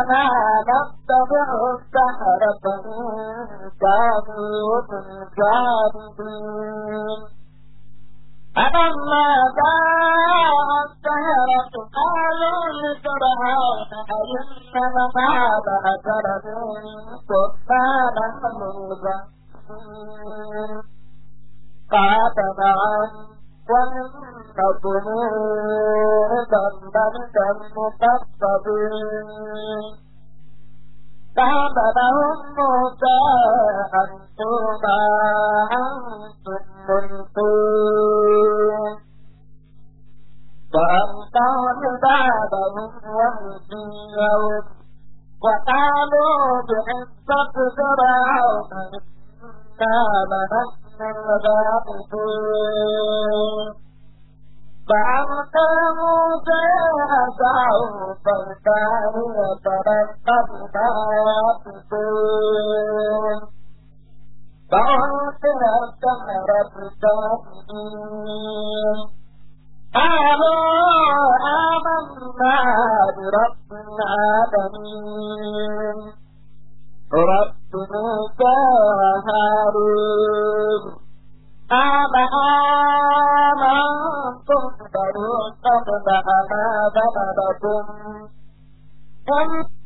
nafta bihun tafiyarin tafiyarin tafiyarin tafiyarin tafiyarin tafiyarin tafiyarin tafiyarin tafiyarin tafiyarin tafiyarin tafiyarin tafiyarin tafiyarin tafiyarin tafiyarin tafiyarin tafiyarin فلما جاءت سهرة قالوا لسرعان أئنما بعد أجر سلطان مبين قال نعم وإنكم إذا لمن المقربين ذهب لهم موسى أنتم ما أنتم ملقون فأمطروا عبادهم ومسيهم وقالوا بعزة فرعون إنا لنحن الباطلون فأمتاه فيأسعه فارتعه فلقد تعطفون فألقي الثمرة الكافرين قالوا آمنا برب العالمين رب موسى وهارون قال آمنا كنتم بني قد ذهب ذهبكم